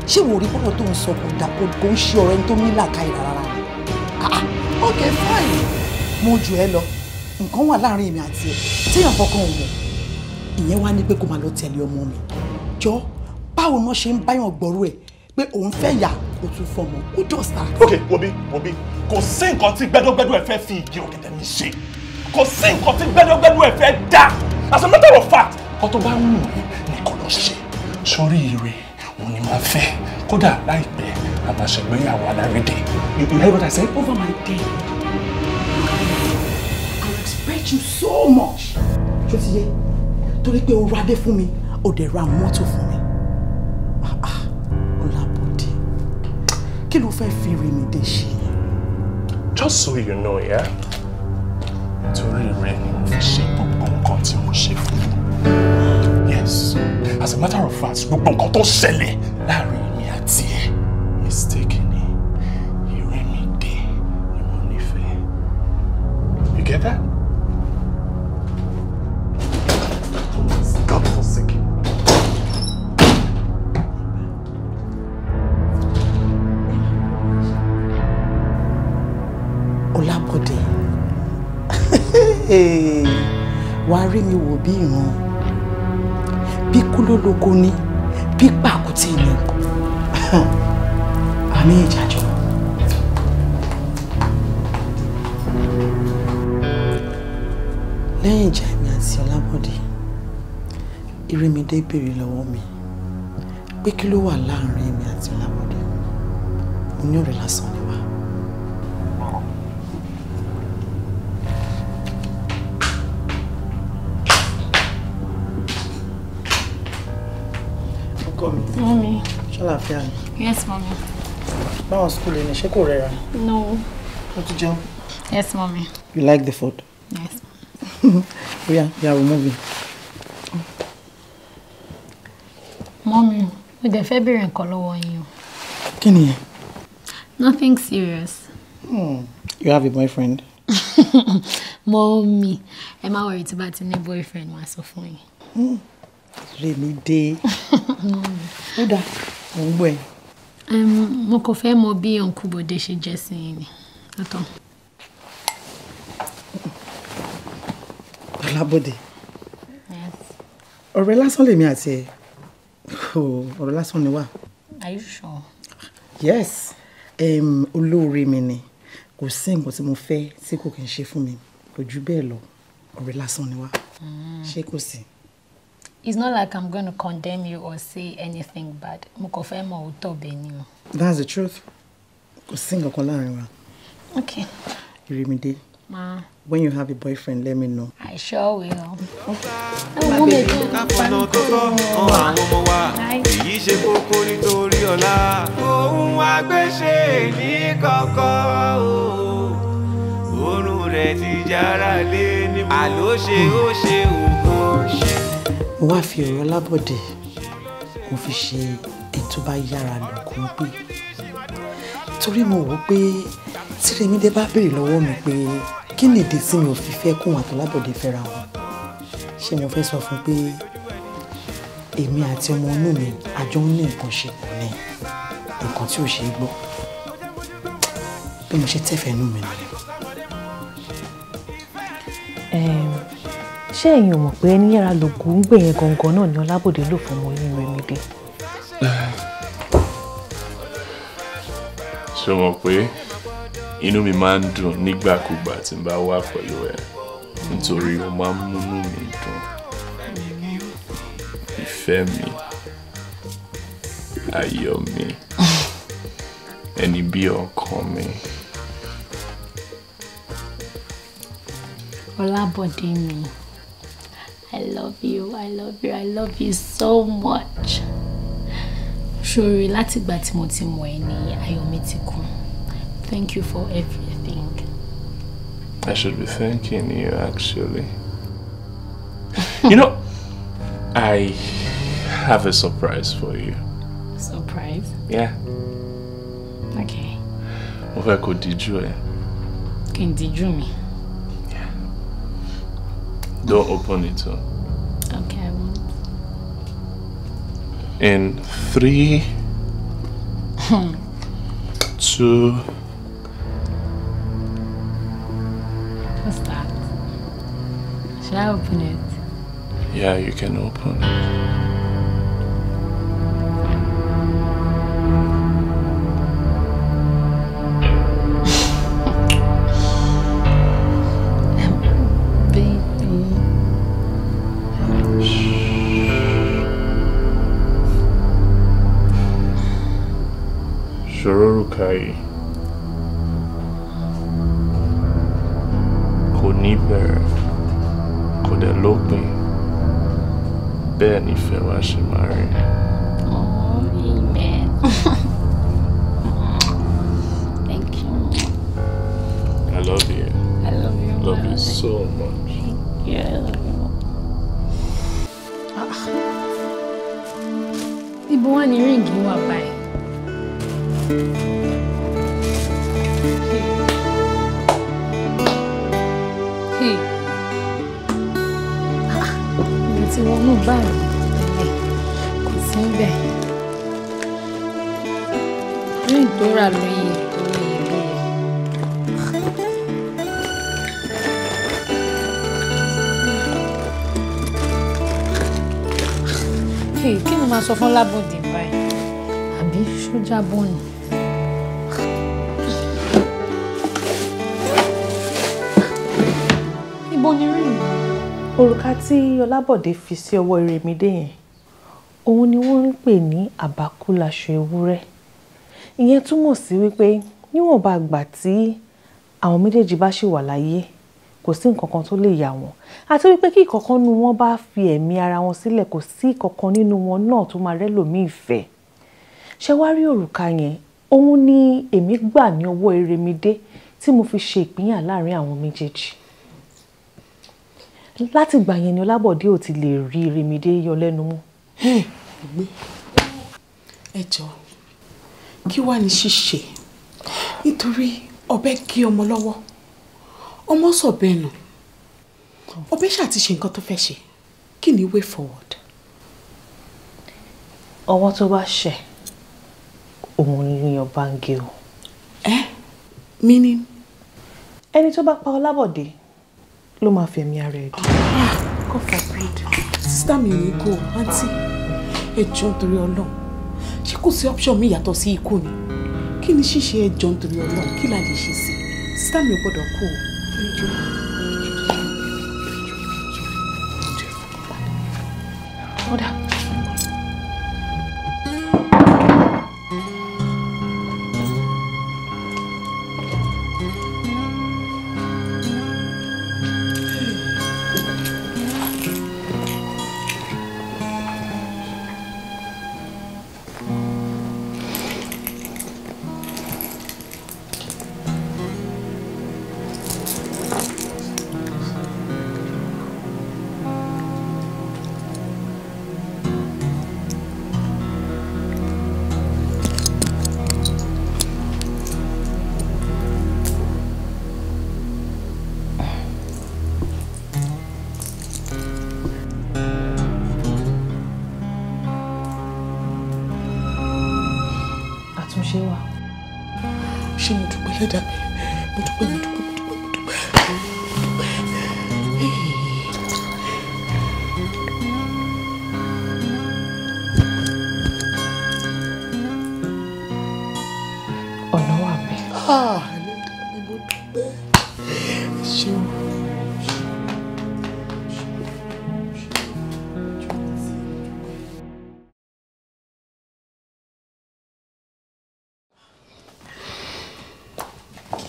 Speaker 2: ṣé wò rí bọ́lọ̀ tó ń sọ kò dà kò ń ṣe ọ̀rẹ́ tó ní làákàyè rárá ah, ah ok fine mo jù ẹ lọ nǹkan wà láàrin èmi àti ẹ tíyàn kankan ò mọ̀ ìyẹn wá ní pé kó máa lọ tẹ̀lé ọmọ mi jọ́ báwo náà ṣe ń báyàn gbọ́rú ẹ̀ pé òun fẹ́ yà kó tún fọmọ kó jọ sá. ok wobi wobi kò sí nǹkan tí gbẹdọgbẹdọ ẹ fẹ́ fi igi ọ̀gẹ̀dẹ̀ mi ṣe kò sí nǹkan tí gbẹdọgbẹdọ ẹ fẹ́ dá as a matter of fact kó tó bá ń mú ní kò lọ ṣe sórí ire òun ni máa fẹ́ kódà láìpẹ́ àbàṣẹgbéyàwó alárédè you hear what I say over my day. I respect you so much. ṣé o ti yé torí pé o ra dé fún mi o dẹ̀ ra mọ́tò fún mi. kí ló fẹ́ fi rí mi dé ṣe. just so you know yeah torí rẹ ni mo fi ṣe gbogbo nǹkan tí mo ṣe fún mi yes as a matter of fact gbogbo nǹkan tó ṣẹlẹ̀ láàrin mi àti ẹ mistake ni ìrẹ́mi dé ni mo nífẹ̀ẹ́ you get that. rí mi wò bí ìran bí kúlólógo ni bí pàkútì ni <laughs> àmì ìjàjọ. lẹ́yìn ìjà èmi àti ọlábọ̀dé irémidé béèrè lọ́wọ́ mi pé kí ló wà láàrin èmi àti ọlábọ̀dé mo ní ọ̀rẹ́ lásán ṣàlàfíà ni. yes mami. báwọn skul ni ṣé kò rẹra. no. What you jẹun. yes mommy. you like the food. yes. Oh <laughs> yeah, yeah, mú moving.
Speaker 6: Mommy, with the February béèrè nǹkan lọ́wọ́ yín o. kí nothing serious. Hmm.
Speaker 2: you have a boyfriend.
Speaker 6: <laughs> Mommy, am I worried about any boyfriend? What's so funny?
Speaker 2: sọ hmm, rainy day. <laughs>
Speaker 6: Mommy, who that? mo ń gbọ́ ẹ. mo kò fẹ́ mọ bí ọ̀nkú bòde ṣe jẹ́ sí i ni.
Speaker 2: ọlábòde ọ̀rẹ́ lásán lèmi àti ẹ ọ̀rẹ́ lásán ni wà. are you sure. yes um, olóore mi ni kò sí nǹkan tí mo fẹ́ tí kò kì í ṣe fún mi kò jù bẹ́ẹ̀ lọ ọ̀rẹ́ lásán ni wà hmm. ṣé kò sí. Mm
Speaker 6: it's not like I'm going to condemn you or say anything bad. Mo kò ni mo.
Speaker 2: That's the truth. Kò sí nǹkan kan láàrin wa. Okay. Irimide. Ma. When you have a boyfriend, let me know.
Speaker 6: I sure will. Ẹ wọ́n mi tó ká fọ́nà tó tọ́ hàn
Speaker 5: àwọn
Speaker 2: mo wá fi Ọ̀yọ́ lábọ̀dẹ̀ mo fi ṣe ẹni tó bá yára lọgùn gbé torí mo wò ó pé tí Rẹ̀mídé bá béèrè lọ́wọ́ mi pé kí ni ìdí tí mi ò fi fẹ́ kóhun àtọlábọ̀dé fẹ́ra wọn ṣé mo fẹ́ sọ fún pé èmi àti ọmọ inú mi àjọ ń ní nǹkan ṣe pọ̀ ní nǹkan tí ò ṣe é gbọ́ bí mo ṣe tẹ́fẹ̀ẹ́ inú mi nìyẹn ṣé ẹ̀yin ò mọ̀ pé ẹni yára lògùn ń gbè yẹn gangan náà ni ọlábòde lò fún ọmọ yín rẹ̀ nídìí. <sighs> ṣé o mọ̀ pé inú mi máa ń dùn nígbàkúgbà tí n bá wà pẹ̀lú ẹ nítorí o máa ń múnú mi dùn ìfẹ́ mi ayọ̀ mi <sighs> ẹni bí ọkàn mi.
Speaker 6: Ọlábọ̀dé mi. I love you, I love you, I love you so much. Ṣoore láti ìgbà tí mo ti mọ̀ ẹ́ ní ayọ̀ mi ti kún. Thank you for everything.
Speaker 2: I should be thanking you actually. <laughs> you know, I have a surprise for you.
Speaker 6: Surprise? Yeah. Okay.
Speaker 2: Mo fẹ́ kó dijú ẹ.
Speaker 6: Kí n dijú mi?
Speaker 2: Don't open it.
Speaker 6: Okay, I won't.
Speaker 2: In three, hmm. two.
Speaker 6: What's that? Should I open it?
Speaker 5: Yeah, you can open it.
Speaker 2: kò ní bẹ̀rẹ̀ kò dẹ̀ Amen.
Speaker 4: <laughs>
Speaker 5: Thank you. I love you. I love you. Love you so
Speaker 4: much. Thank you.
Speaker 6: I love you. Ibo wa ni ríǹgì wà báyìí? ti wọnú báyìí kò sí níbẹ̀ ríǹ tó rà lóye lóye lóye. kí ni màá sọ fún lábòdì báyìí àbí sójà bọ́ọ̀nù.
Speaker 2: ibo ni ríǹ mi òrùka tí Ọlábọ̀dé fi sí ọwọ́ Ìrèmídé yẹn òun ni wọ́n ń pè ní àbákúlaṣọ ewúrẹ́ ìyẹn túmọ̀ sí wípé níwọ̀nba àgbà tí àwọn méjèèjì bá ṣì wà láyé kò sí nǹkan kan tó lè yà wọ́n àti wípé kí ìkọ̀kan nínú wọn bá fi ẹ̀mí ara wọn sílẹ̀ kò sí ìkọ̀kan nínú wọn náà tó máa rẹ́lòmíì fẹ́ ṣé wá rí òrùka yẹn òun ni èmi gbà ní ọwọ́ Ìrèmídé tí mo fi ṣe ìpínyà láàrin àwọn méjèèjì láti ìgbà yẹn ni Ọlábọ̀dé ò ti lè rí Rèmídé yọ lẹ́nu mú. ẹ jọ kí wàá ní ṣíṣe nítorí ọ̀bẹ gé ọmọ lọ́wọ́ ọmọ sọ̀bẹ nù ọ̀bẹ ṣàti ṣe nǹkan tó fẹ́ ṣe kí ni way forward. ọwọ́ tó bá ṣẹ̀ òun ni ọba ń gé o. ẹ meaning. ẹni tó bá pa Ọlábọ̀dé ló máa fẹ̀mí ara ẹ̀ dùn. God forbid. sísá mi ò ní kó àǹtí ẹjọ́ nítorí ọlọ́run ṣé kò sí option mi yàtọ̀ sí ikú ni kí ni ṣíṣe ẹjọ́ nítorí ọlọ́run kí la lè ṣe sí sísá mi ò gbọ́dọ̀ kú o.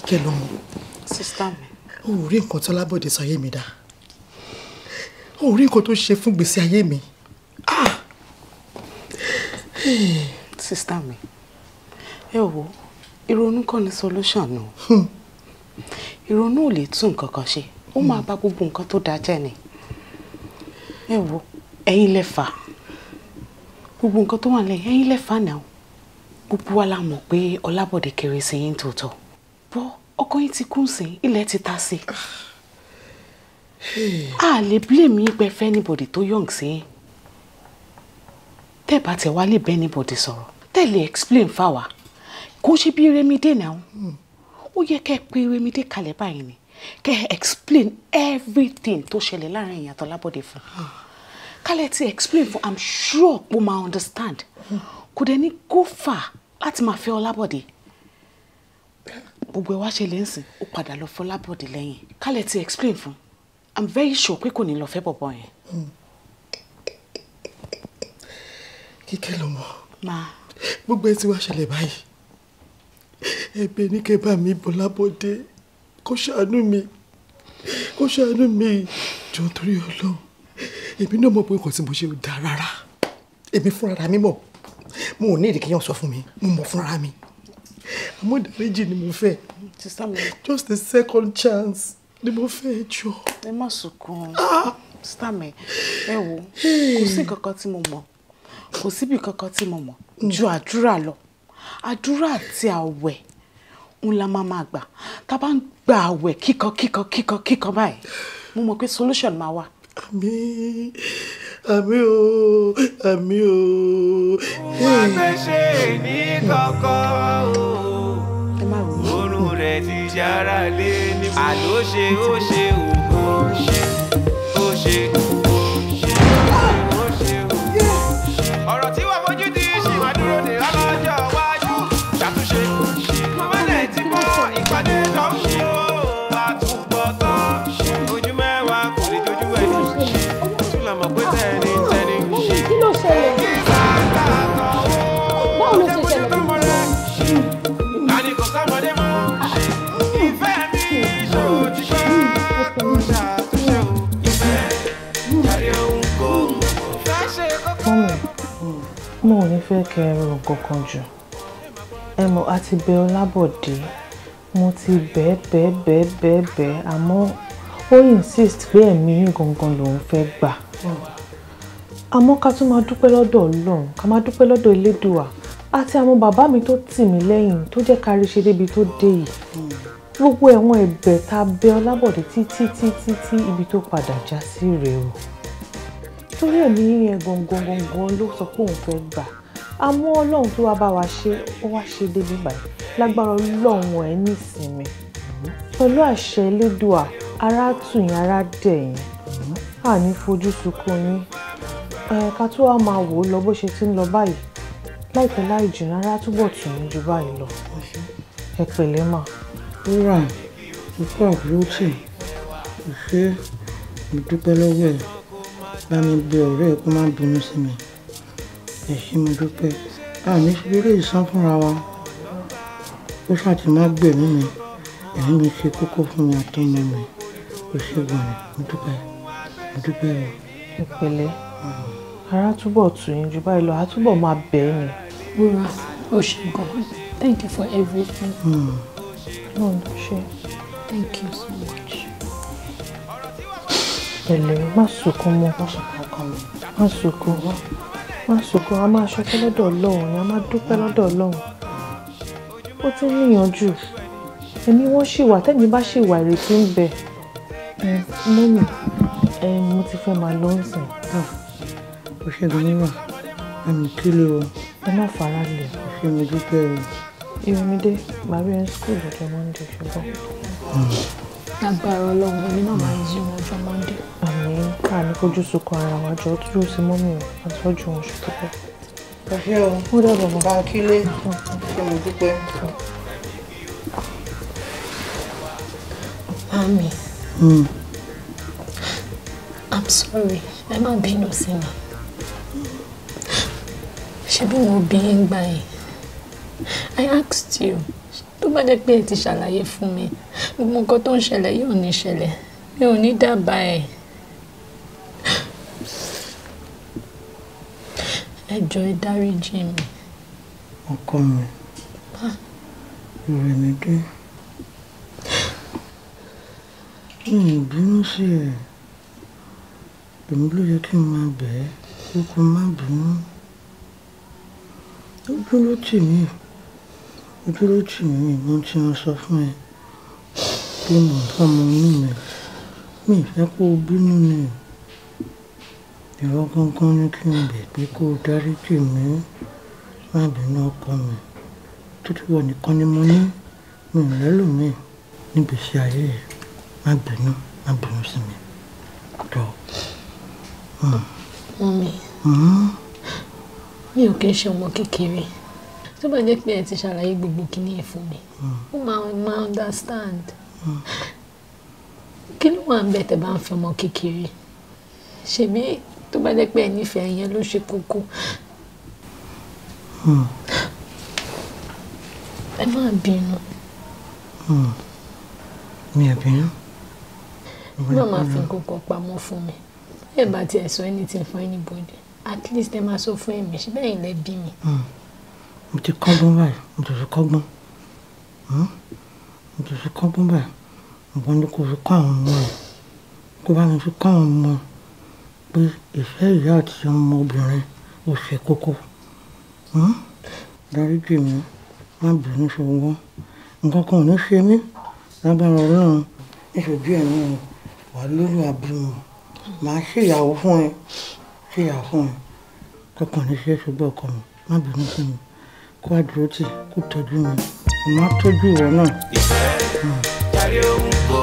Speaker 2: kẹ́ lọ́mọ. sísá mi. o ò rí nǹkan tọ́lábọ̀dé sọ ayé mi dá o ò rí nǹkan tó ṣe fún gbèsè ayé mi. Ah! sísá mi ẹ wo ìrònú kọ́ ni solution o hmm. ìrònú ò lè tún nǹkan kan ṣe ó máa hmm. bá gbogbo nǹkan tó dáa jẹ́ ni ẹ wo ẹ̀yin lẹ fà gbogbo nǹkan tó wà lẹ́yìn ẹ̀yin lẹ fà náà gbogbo wa la mọ̀ pé Ọlábọ̀dé kéré sí yín tòótọ́ bọ́ ọkọ yín ti kún sí ilẹ̀ ti ta sí ah. <sighs> a lè blame yín pé fẹ́ anybody tó young sí yín tẹ́ bá tẹ̀ wá lè bẹ́ anybody sọ̀rọ̀ tẹ́ lè explain fáwa kò ṣe bí Remide náà hmm. ó yẹ kẹ́ ẹ pé Remide kalẹ̀ báyìí ni kẹ́ ẹ explain everything tó ṣẹlẹ̀ láàrin ìyàtọ̀ lábọ́dé fún ah. kálẹ̀ ti explain for. i'm sure pé ó máa understand hmm. kò dẹ̀ ní go far láti máa fẹ́ Ọlábọ̀dé gbogbo ẹ wá ṣẹlẹ̀ ń sìn ó padà lọ fọlábọ̀dé lẹ́yìn kálẹ̀ ti explain fún i'm very sure pé kò ní lọ fẹ́ bọ̀bọ̀ yẹn. Hmm. kíkẹ́ ló mọ̀ gbogbo ẹ ti wá ṣẹlẹ̀ báyìí ẹ̀bẹ̀ ní kẹ́ bá mi bọ́lábọ̀dé kó ṣàánú mi kó ṣàánú mi jọ torí ọlọ́run èmi náà mọ̀ pé nǹkan tí mo ṣe ò dáa rárá èmi fúnra mi mọ̀ mo ò ní ìdíkẹ́yàn sọ fún mi mo mọ̀ fúnra mi àmọ́ ìdáríjì ni mo fẹ́ just the second chance ni mo fẹ́ jọ. ẹ má sunkún sísá ah! mi ẹ wo kò sí nǹkan kan tí mo mọ̀ kò síbi kankan tí mo mọ̀ mm. ju àdúrà lọ àdúrà àti àwẹ̀ ń la máa máa gbà tá a bá ń gba àwẹ̀ kíkan kíkan kíkan kíkan báyìí mo mọ̀ pé solution máa wà. àmín àmì o àmì o.
Speaker 5: wọ́n fẹ́ ṣe ní kọ́kọ́ o oorun rẹ̀ ti yára lé ní. àló ṣe ó ṣe òun ó ṣe ó ṣe.
Speaker 2: mo ò ní fẹ́ kẹ́ ẹ rò kankan jù ẹ mọ̀ a ti bẹ Ọlábọ̀dé mo ti bẹ́ẹ̀ bẹ́ẹ̀ bẹ́ẹ̀ bẹ́ẹ̀ bẹ́ẹ̀ àmọ́ ó insist pé ẹ̀mí yín gangan lòun fẹ́ gbà mm. àmọ́ ká tún máa dúpẹ́ lọ́dọ̀ Ọlọ́run ká máa dúpẹ́ lọ́dọ̀ Elédùà àti àwọn bàbá mi tó tì mí lẹ́yìn tó jẹ́ ká rí ṣe débi tó dé yìí gbogbo ẹ̀wọ̀n ẹ̀bẹ̀ tá a bẹ Ọlábọ̀dé títí títí tí ibi tó padà já sí rèé o torí ẹ̀mí yẹn gangan gangan ló sọ pé òun fẹ́ gbà àmọ́ ọlọ́run tó wá bá wa ṣe ó wá ṣe débi báyìí lágbára ọlọ́run ẹ̀ ní ìsinmi pẹ̀lú àṣẹ elédùà ara tù yín ara dẹ̀ yín àní fojú sunkún yín ẹ̀ka tó wá máa wò ó lọ bó ṣe ti ń lọ báyìí láìpẹ́ láì jìnnà rárá túbọ̀ tù mí ju báyìí lọ ẹ pẹ̀lẹ́ mà. wúrà ikú àbúrò tì í ṣe mo dúpẹ́ lọ́wọ́ ẹ̀ bá mi bẹ ọ̀rẹ́ ẹ̀ kó má bínú sí mi ẹ ṣé mo dúpẹ́ àmì ìṣubúlé ìsan fúnra wa ó ṣàtì má gbẹ̀mí mi ẹ̀mí mi ṣe kókó fún mi àtọ́mọ mi kò ṣe gbọ̀nà mo dúpẹ́ mo dúpẹ́ o. ẹ pẹ̀lẹ́ ara túbọ̀ tù yín ju báyìí lọ a túbọ̀ máa bẹ̀ ẹ́ ni búra ó ṣe thank you for everything. mo hmm. lọ ṣe thank you so much. Hello, má sunkún mọ́ má sunkún ọkàn mi má sunkún mọ́ má a máa ṣọpẹ́ lọ́dọ̀ ọlọ́run ni a máa dúpẹ́ lọ́dọ̀ ọlọ́run ó tún níyànjú èmi wọ́n ṣì wà tẹ́mi bá ṣì wà ìrètí ń bẹ hmm, mọ́mì mo ti fẹ́ máa lọ́ọ̀sìn. Ah, o ṣe gan-an wà àmì kí ló wà ẹ má fara lẹ̀. ṣé mi dé tẹ́ ẹ. ìrìnde bàbá ẹ ń skul lọ́jọ́ monde ṣùgbọ́n.
Speaker 6: agbára ọlọ́run èmi náà máa ń jí wọn ọjọ́ monde.
Speaker 2: àmì ká ní kojú sunkún ara wa jọ dúró sí mọ́mì àtọ́jú wọn ṣùgbọ́n pẹ́. ẹ̀ṣẹ́ o ó dàbọ̀ mọ́. báńkílé ṣé mo dúpẹ́. mami
Speaker 5: hmm.
Speaker 6: i'm sorry ẹ má bínú sí mi ṣebí wọn obìnrin gbà yẹn i asked you tó bá jẹ́ pé ẹ ti ṣàlàyé fún mi gbogbo nǹkan tó ń ṣẹlẹ̀ yóò ní ṣẹlẹ̀ mi ò ní dábàá ẹ̀. ẹ jọ̀ọ́ ẹ dáríjì mi.
Speaker 2: ọkọ mi rẹ̀ mí dé mi ò bínú sí ẹ èmi ló yẹ kí n máa bẹ̀ ẹ́ kó kó má bínú ó dúró tì mí ó dúró tì mí mo ti ń sọ fún ẹ pé mo ń fọmọ inú mi mi ìfẹ́ kó o bínú ni ìwọ gangan ni kí n bẹ̀ pé kó o dáríjì mí má bínú ọkọ mi tó ti wọ nìkan ni mo ní mi ò lẹ́lòmíì níbi iṣẹ́ ayé ẹ̀ má bínú má bínú sí mi jọ. Hmm. mọ́mí
Speaker 6: mi ò kí ń ṣe ọmọ kékeré tó bá jẹ́ pé ẹ ti ṣàlàyé gbogbo kìíní ẹ̀ fún mi ó máa máa understand kí ló wà ń bẹ̀ tẹ́ bá ń fi ọmọ kékeré ṣebí tó bá jẹ́ pé ẹ nífẹ̀ẹ́ yẹn ló ṣe kókó ẹ má bínú.
Speaker 2: mi ò bínú. bí wọ́n máa fi nǹkan
Speaker 6: kan pamọ́ fún mi ẹ bá tiẹ̀ sọ anything for anybody at least ẹ máa sọ fún èmi ṣe bẹ́ẹ̀ ilẹ̀ bí mi.
Speaker 2: Hmm. mo ti kọ́gbọ́n báyìí mo ti fi kọ́gbọ́n hmm? mo ti fi kọ́gbọ́n báyìí mo ní kó fi kọ́ àwọn ọmọ rẹ̀ kó bá mi fi kọ́ àwọn ọmọ pé ìfẹ́ ìyá àti ọmọbìnrin ò ṣe kókó hmm? darí jì mí má bínú ṣùgbọ́n nǹkan kan ò ní ṣe mí lágbára ọlọ́run ìṣòjú ẹ̀mí wà lórí àbí mi màá ṣèyàwó fún ẹ fìyà fún un kọkàn ní ṣe é ṣùgbọ́n ọkọ mi má bínú fún mi kó wá dúró tì kó tọ́jú mi mo á tọ́jú ìwọ náà. ìfẹ́
Speaker 5: jáde ohun kò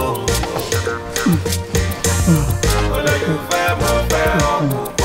Speaker 5: olólùfẹ́
Speaker 4: mo fẹ́ ọkùnrin.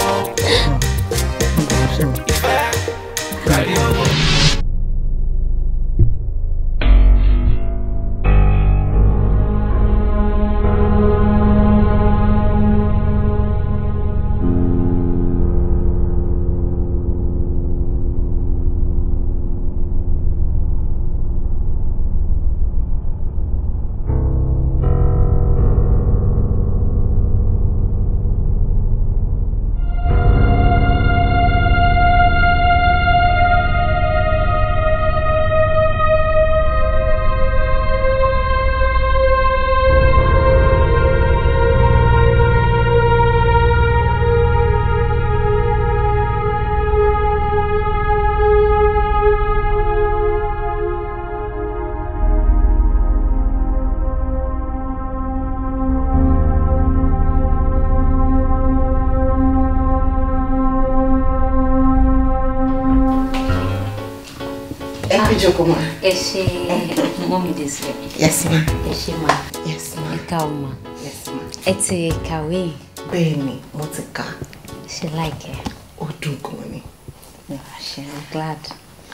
Speaker 2: glad.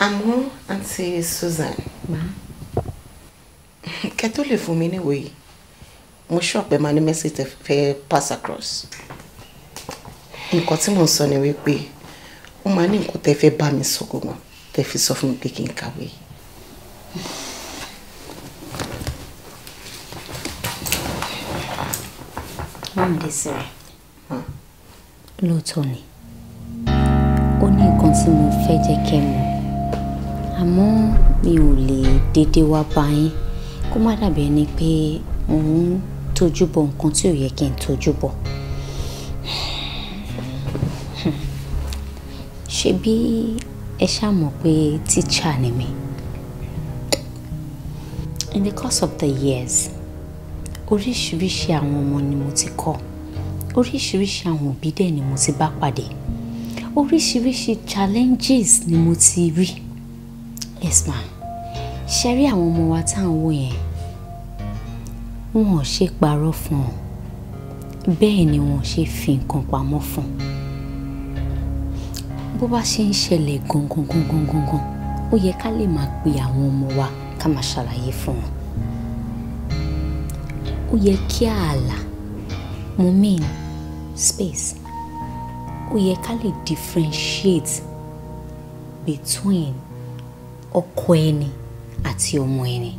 Speaker 2: Àmọ́ àǹtí Susan. Ma. Kẹ́ tó lè fún mi níwèé yìí, mo ṣọ̀pẹ́ máa ní message tẹ fẹ́ pass across. Nǹkan tí mò ń sọ ni wípé ó máa ní nǹkan tẹ fẹ́ bá mi sọ gbọ̀ngàn tẹ fi sọ fún mi pé kí n kàwé
Speaker 4: ó ní nǹkan tí mo fẹ́ jẹ́ kẹ́ mọ̀ àmọ́ mi ò lè dédé wá bá yín kó má dàbí ẹni pé òun tójú bọ nǹkan tí ò yẹ kí n tójú bọ. <sighs> ṣebí ẹ ṣáà pé tíṣà ni mi. in the course of the years oríṣiríṣi àwọn ọmọ ni mo ti kọ́ oríṣiríṣi àwọn òbí dẹ̀ ni mo ti bá pàdé oríṣiríṣi challenges ni mo ti rí yes ma ṣe rí àwọn ọmọ wa tá à ń wò yẹn wọn ò ṣe parọ́ fún ọ bẹ́ẹ̀ ni wọn ò ṣe fi nǹkan pamọ́ fún bó bá ṣe ń ṣẹlẹ̀ gangan gangan gangan ó yẹ ká lè máa pe àwọn ọmọ wa ká máa ṣàlàyé fún wọn ó yẹ kí ààlà mo mean space ó yẹ ká lè differentiate between ọkọ ẹni àti ọmọ ẹni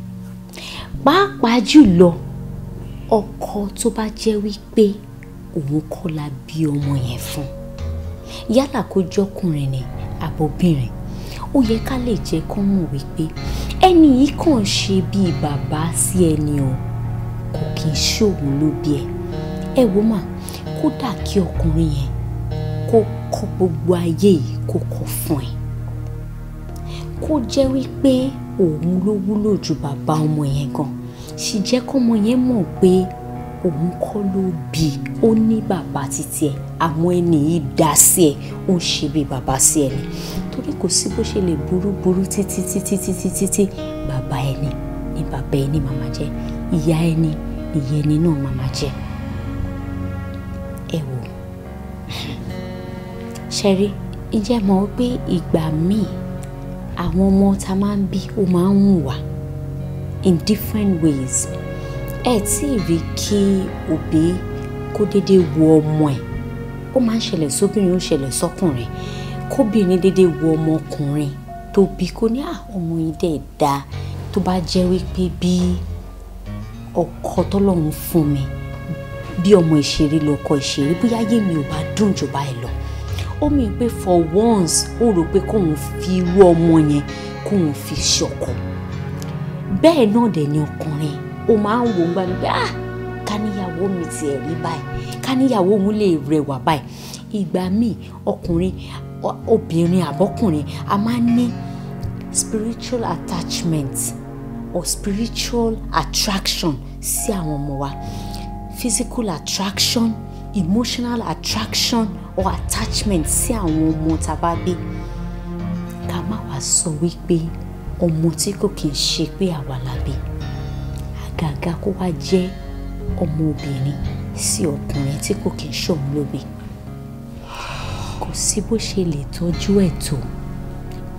Speaker 4: pàápàá jùlọ ọkọ tó bá jẹ́ wípé òun kọ́ la bí ọmọ yẹn fún yálà kó jọkùnrin ni àbóbìnrin ó yẹ ká lè jẹ́ kó mọ̀ wípé ẹni yìí kàn ṣe bíi bàbá sí ẹni o kò kì í ṣòwò ló bí ẹ ẹ wò mà kódà kí ọkùnrin yẹn kó kọ gbogbo ayé yìí kó kọ fún ẹ kó jẹ́ wípé òun ló wúlò ju bàbá ọmọ yẹn gan sì jẹ́ kọ́mọ yẹn mọ̀ pé òun kọ́ ló bí ó ní bàbá títí ẹ̀ àwọn ẹni yìí dá sí ẹ̀ ó ń ṣe bí bàbá sí ẹ̀ ni torí kò sí bó ṣe lè burú burú títí títí títí títí bàbá ẹni ni bàbá ẹni màmá jẹ́ ìyá ẹni ìyá ẹni náà màmá jẹ́ ẹ wò ó ṣẹ̀rí ǹjẹ́ mọ̀ pé ìgbà míì àwọn ọmọ tá máa ń bí ó máa ń hùwà in different ways ẹ tí ì rí kí òbí kó déédéé wo ọmọ ẹ̀ ó máa ń ṣẹlẹ̀ sóbìnrin ó ṣẹlẹ̀ sọ́kùnrin kóbìnrin déédéé wo ọmọ tó bí kó ní ah, ọmọ yìí dẹ̀ da tó bá jẹ́ wípé bí ọkọ tọ́lọ́run fún mi bí ọmọ ìṣeré lọkọ ìṣeré bóyá ayé mi ò bá dùn jù báyìí lọ ó mì pé for once ó rò pé kóun fi irú ọmọ yẹn kóun fi ṣọkọ bẹ́ẹ̀ náà dẹ̀ ni ọkùnrin ó máa ń wò ó gbani pé ah ká níyàwó mi tiẹ̀ rí báyìí ká níyàwó òun lè rẹwà báyìí ìgbà míì ọkùnrin obìnrin àbọ́kùnrin a máa ń ní spiritual attachment or spiritual attraction sí àwọn ọmọ wa physical attraction emotional attraction or attachment sí àwọn ọmọ tá a bá bí ká má wàá sọ wípé ọmọ tí kò kì í ṣe pé àwa la bí àgàgà kó wá jẹ́ ọmọ obìnrin sí ọkùnrin tí kò kì í ṣòun lóbi kò sí bó ṣe lè tọ́jú ẹ̀ tó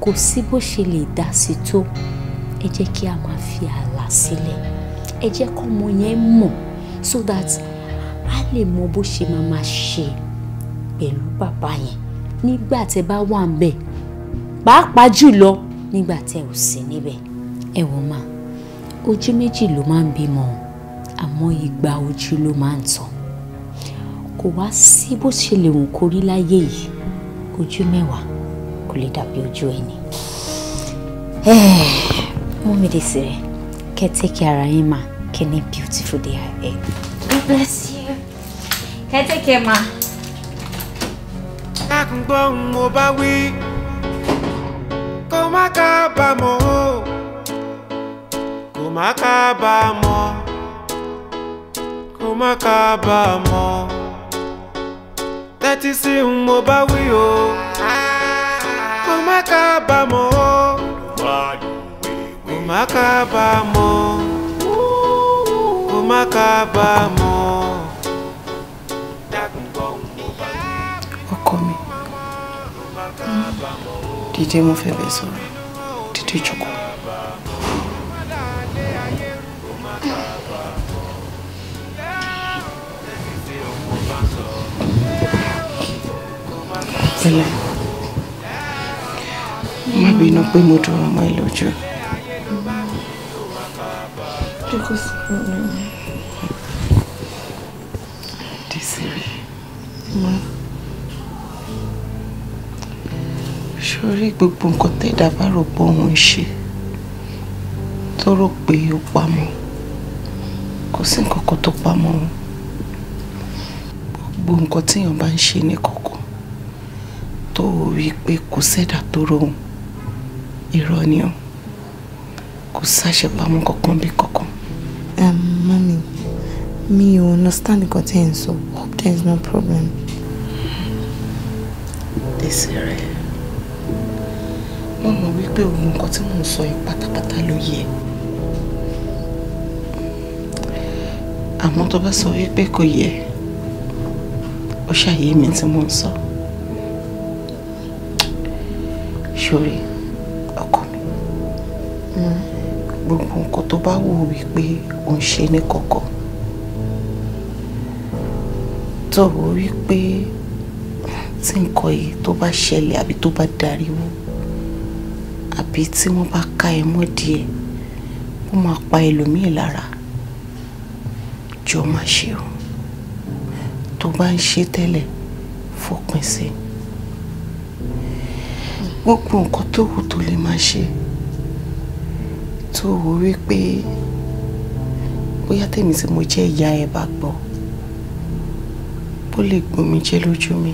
Speaker 4: kò sí bó ṣe lè dá sí tó ẹ jẹ́ kí a máa fi ààlà sílẹ̀ ẹ jẹ́ kọ́mọ yẹn mọ̀ so that lè mọ bó ṣe máa máa ṣe pẹ̀lú bàbá yẹn nígbà tẹ bá wà ń bẹ̀ pàápàá jùlọ nígbà tẹ ò sí níbẹ̀ ẹ wò máa ojú méjì ló máa ń bímọ àmọ́ igba ojú ló máa ń tàn kò wá sí bó ṣe lè wù kó rí láyé yìí ojú mẹ́wàá kò lè dàbí ojú ẹni. mú mi dé sí rẹ kẹ́ ara yín mà kẹ́ ní beautiful day ahead. God bless you. Kẹ́tẹ́ kẹ́ ma.
Speaker 5: Dákun gbọ́ ń mo bá wí, kó má kábàámọ̀ o, kó má kábàámọ̀, kó má kábàámọ̀. Tẹ́tí sí ń mo bá wí o, kó má kábàámọ̀ o, kó má kábàámọ̀, kó má kábàámọ̀.
Speaker 2: ọkọ mi dìde mo fẹ́ bẹ̀ sọ̀rọ̀ dìde jókòó. pẹ̀lẹ́ má bínú pé mo dùn ọmọ ẹ lójú. jókòó sí ọ̀nà mi. dísìrì. Mm-hmm. sórí gbogbo nǹkan tẹ́dá bá rò pé òun ń ṣe tó rò pé ó pamọ́ kò sí nǹkan kan tó pamọ́ o gbogbo nǹkan tíyàn bá ń ṣe ní kọ̀kọ̀ tó rí i pé kò sẹ́dà tó rohùn irọ́ ni o kò sáṣepamọ́ kankan bí kankan. mami mi ò understand nǹkan tẹ́ ẹ̀ ń sọ hope there is no problem. Desiree wọ́n mọ̀ wípé ogun nǹkan tí mò ń sọ yìí pátápátá ló yẹ. àmọ́ tó bá sọ wípé kò yẹ ó ṣàyè mi tí mò ń sọ. ṣòrí ọkọ mi gbogbo nǹkan tó bá wù wípé ò ń ṣe ní kọ̀kọ̀ tó wípé tí nǹkan yìí tó bá ṣẹlẹ̀ àbí tó bá dariwo àbí tí wọ́n bá ká ẹ mọ́ díẹ̀ ó máa pa ẹlòmíì lára jọ má ṣe o tó bá ń ṣe tẹ́lẹ̀ fòpin sí gbogbo nǹkan tó wù tó lè máa ṣe tó wù wí pé bóyá tèmi tí mo jẹ́ ìyá ẹ bá gbọ́ bó lè gbomi jẹ lójú mi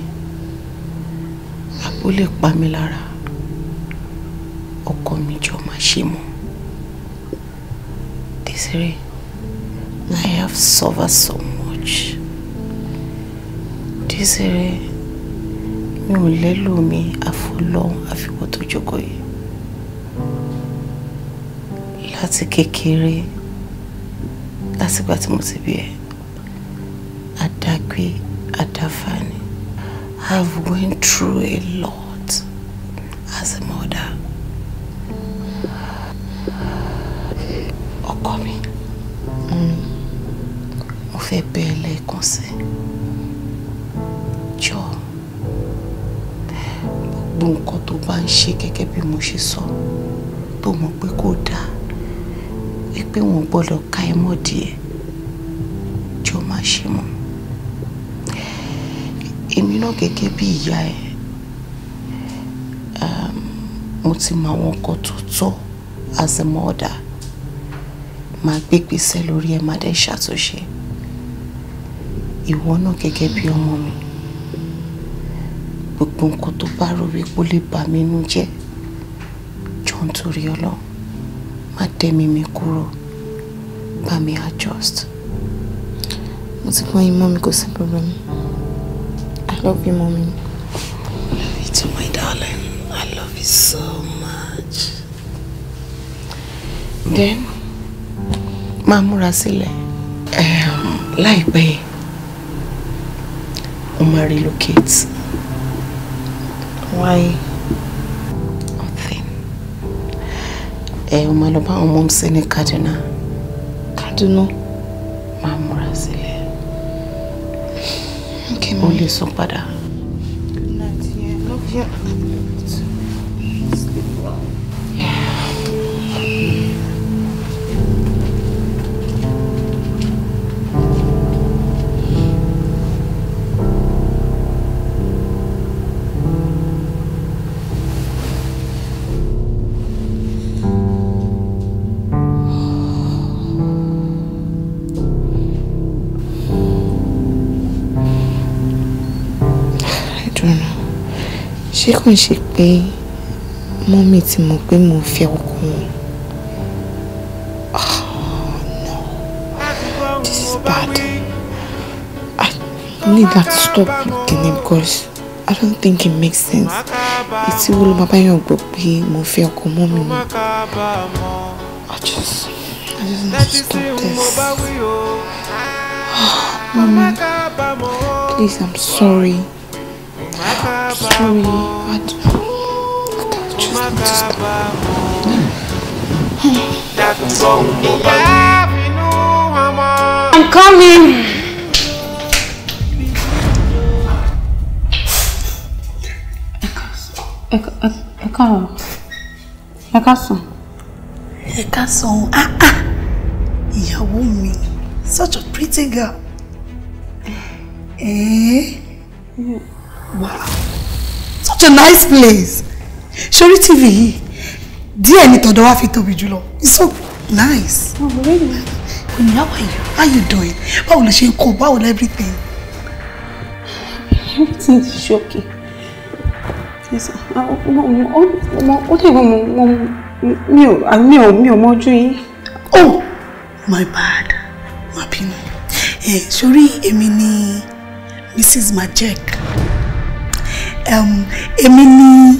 Speaker 2: àbó lè pa mí lára ọkọ mi jọ máa ṣe mọ́ Desire I have suffered so much Desire mi ò lẹ́lò mi àfọlọ́hún àfikún tó jókòó yìí láti kékeré látìgbà tí mo ti bí ẹ àdágbé àdáfáàní I have went through a lot. gbọ́dọ̀ ka ẹ mọ́ díẹ̀ jọ má ṣe mọ́ èmi náà gẹ́gẹ́ bí ìyá ẹ ehm, mo ti mọ àwọn nǹkan tó tọ́ as a mother máa gbé gbèsè lórí ẹ má dẹ̀ ṣàtúnṣe ìwọ náà gẹ́gẹ́ bí ọmọ mi gbogbo nǹkan tó bá rò wípé lè bà mí nú jẹ́ jọ nítorí ọlọ́run má dẹ́mi mi kúrò bá mi adjust mo ti fún yín mọ́mí kò sí problem I love you mommy. I love you too my darling I love you so much. then máa múra sílẹ̀ um, láìpẹ́ yìí o máa relocate why ọ̀tẹ̀ ẹ̀ o máa lọ bá àwọn mọ́mí sí ní Kaduna dúnú máa múra sílẹ̀ o lè sún padà. Love you. ṣé kò ń ṣe pé mọ́mì ti mọ̀ pé mo fẹ́ ọkọ wọn. Ah, no this is bad I need that to stop looking him because I don't think it makes sense etí wo ló máa bá yàn gbọ́ mo fẹ́ ọkọ mọ́mì mi I just I just need to
Speaker 5: stop this. Ah, Mommy, please, I'm sorry. Sorry, but I just need to stop.
Speaker 6: I'm coming. Ẹ káàárọ̀.
Speaker 2: Ẹ káàsán. Ẹ káàsán. Ah ah. Ìyàwó mi. Such a pretty girl. Eh? Mm. Wow, such a nice place. Ṣorí TV yìí, díẹ̀ ni tọ̀dọ̀ wa fi tóbi jùlọ. It's so nice. Oh, really? Kùnì, how are you? How are you doing? How lè ṣe ń How Báwo lè everything? Everything is okay. Yes, ó dẹ̀ mọ̀ mọ̀ mi ò mi ò mi ò mọ́jú yín. Oh, my bad. Má bínú. Eh, ṣorí èmi ni Mrs. Majek èmi ni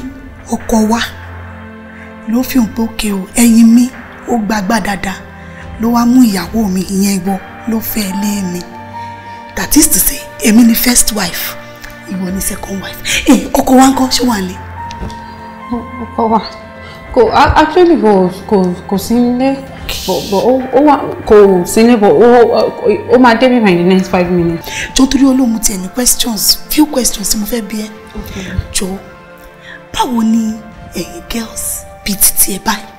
Speaker 2: ọkọ wa ló fi hàn pé òkè o ẹyin mi ó gbagbá dáadáa ló wá mú ìyàwó mi ìyẹn ìwọ ló fẹ́ lé mi that is to say èmi ni first wife ìwọ ni second wife ọkọ wa ń kọ́ ṣé wà lé. ọkọ wa kò actually kò kò kò sí nílé Oh, oh, kò sí níbo oh, ó máa dé bíbá in the next five minutes. jọ torí olóhùn tiẹ̀ ní questions few questions tí mo fẹ́ bi ẹ́ jọ báwo ni ẹ̀yin girls bíi títí ẹ báyìí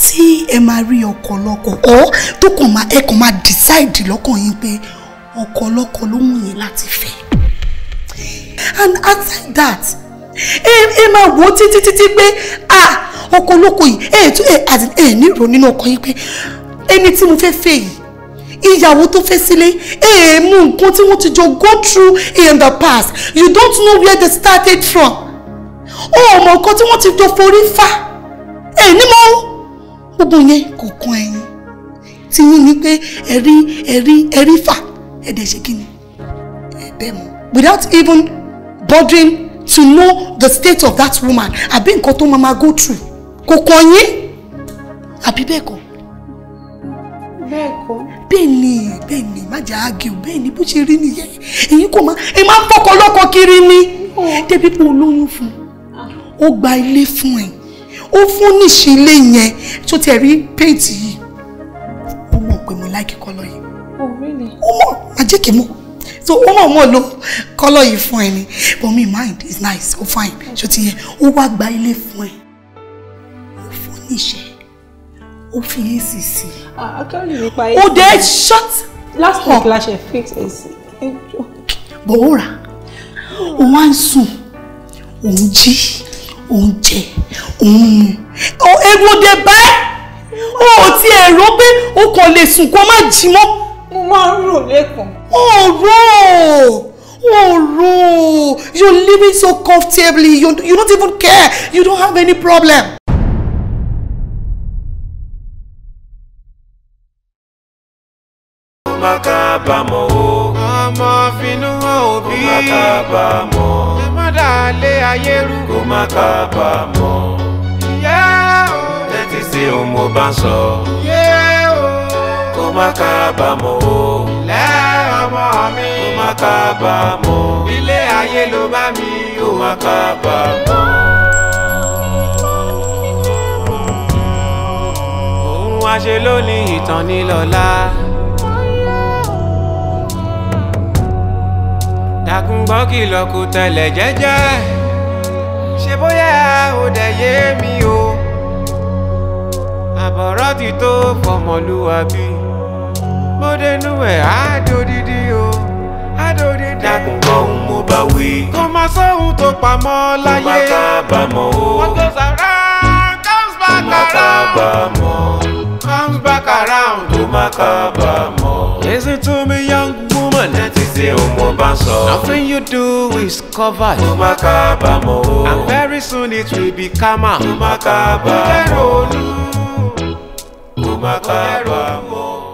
Speaker 2: tí ẹ máa rí ọkọ lọ́kọ ọ tó kàn máa ẹ kàn máa decide lọ́kàn yín pé ọkọ lọ́kọ ló wù yín láti fẹ́ and aside that ẹ máa wò ó títí títí pé ah ọkọ olóko yìí ẹ ẹ nírò nínú ọkọ yìí pé ẹni tí mo fẹ́ fẹ́ yìí ìyàwó tó fẹ́ sílé èèmù nǹkan tí wọ́n ti jọ go through in the past you don't know where they started from ọmọ nǹkan tí wọ́n ti jọ forí fà ẹ̀ ní mọ́ gbogbo yẹn kò kan ẹ̀yìn tí yín ni pé ẹ̀rí ẹ̀rí ẹ̀rí fà ẹ̀dẹ̀ ṣe kí ni ẹ̀bẹ̀ mọ́ without even bothering to know the state of that woman àbí nǹkan tó máa ma go through kò kàn yín àbí bẹ́ẹ̀ kọ́. bẹ́ẹ̀ kọ́. bẹ́ẹ̀ ni bẹ́ẹ̀ ni má jẹ́ àgẹ̀ bẹ́ẹ̀ ni bó ṣe rí nìyẹn èyí kò má ẹ máa fọkọ lọ́kọ kiri ni débi pé olóyún fún ó gba ilé fún ẹ ó fún níṣẹ́ ilé yẹn tó tẹ̀ rí péǹtì yìí ó mọ̀ pé mo láìkí kọ́ lọ́yìn. ó mọ̀ àjẹkẹ́ mọ̀ so ó mọ̀ mọ́ lo kọ́lọ̀ yìí fún ẹ ni but me mind is nice ó fine ṣó ti yẹ ó wá gba ilé fún ẹ ó fún níṣẹ́ ó fi ac sí i ah, ó dé shut last week la ṣe fix ac. bọ̀ ó rà ó wá ń sùn òun jí òun jẹ òun mu ewu dé báyìí ó ti ẹ̀rọ pé ó kàn lè sùn kó má jí mọ́ mo máa ń rò lẹ́kàn. ọ̀rọ̀ ọ̀rọ̀ you're living so comfortably you, you don't even care you don't have any problem.
Speaker 5: ọmọ finú hàn òbí. ẹ má dàlẹ́ ayé rú. kò má kábàámọ̀. ìyá o. tẹ́tí sí ohun mo bá sọ má kábàámọ̀ o. lẹ́ ọmọ mi. ó má kábàámọ̀. ilé ayé ló bá mi. ó má kábàámọ̀. òun wá ṣe ní ìtàn nílọ́lá. dákun gbọ́ kìlọ̀ kò jẹ́jẹ́ ṣe bóyá ó dẹ̀ yé mi o àbọ̀rọ̀ ti tó fọmọlúwàbí mo dẹnu ẹ̀ àdòdìdì o àdòdìdì. dákun kọ́ ohun mo bá wí. kò má sóhun tó pamọ́ láyé. kò má kábàámọ̀ o. what goes around comes back around. kò má kábàámọ̀. comes back around. kò má kábàámọ̀. listen to me young woman. that is the ohun mo bá sọ. nothing you do is covered. kò má kábàámọ̀ o. and very soon it will be calmer. kò má kábàámọ̀. kò má kábàámọ̀.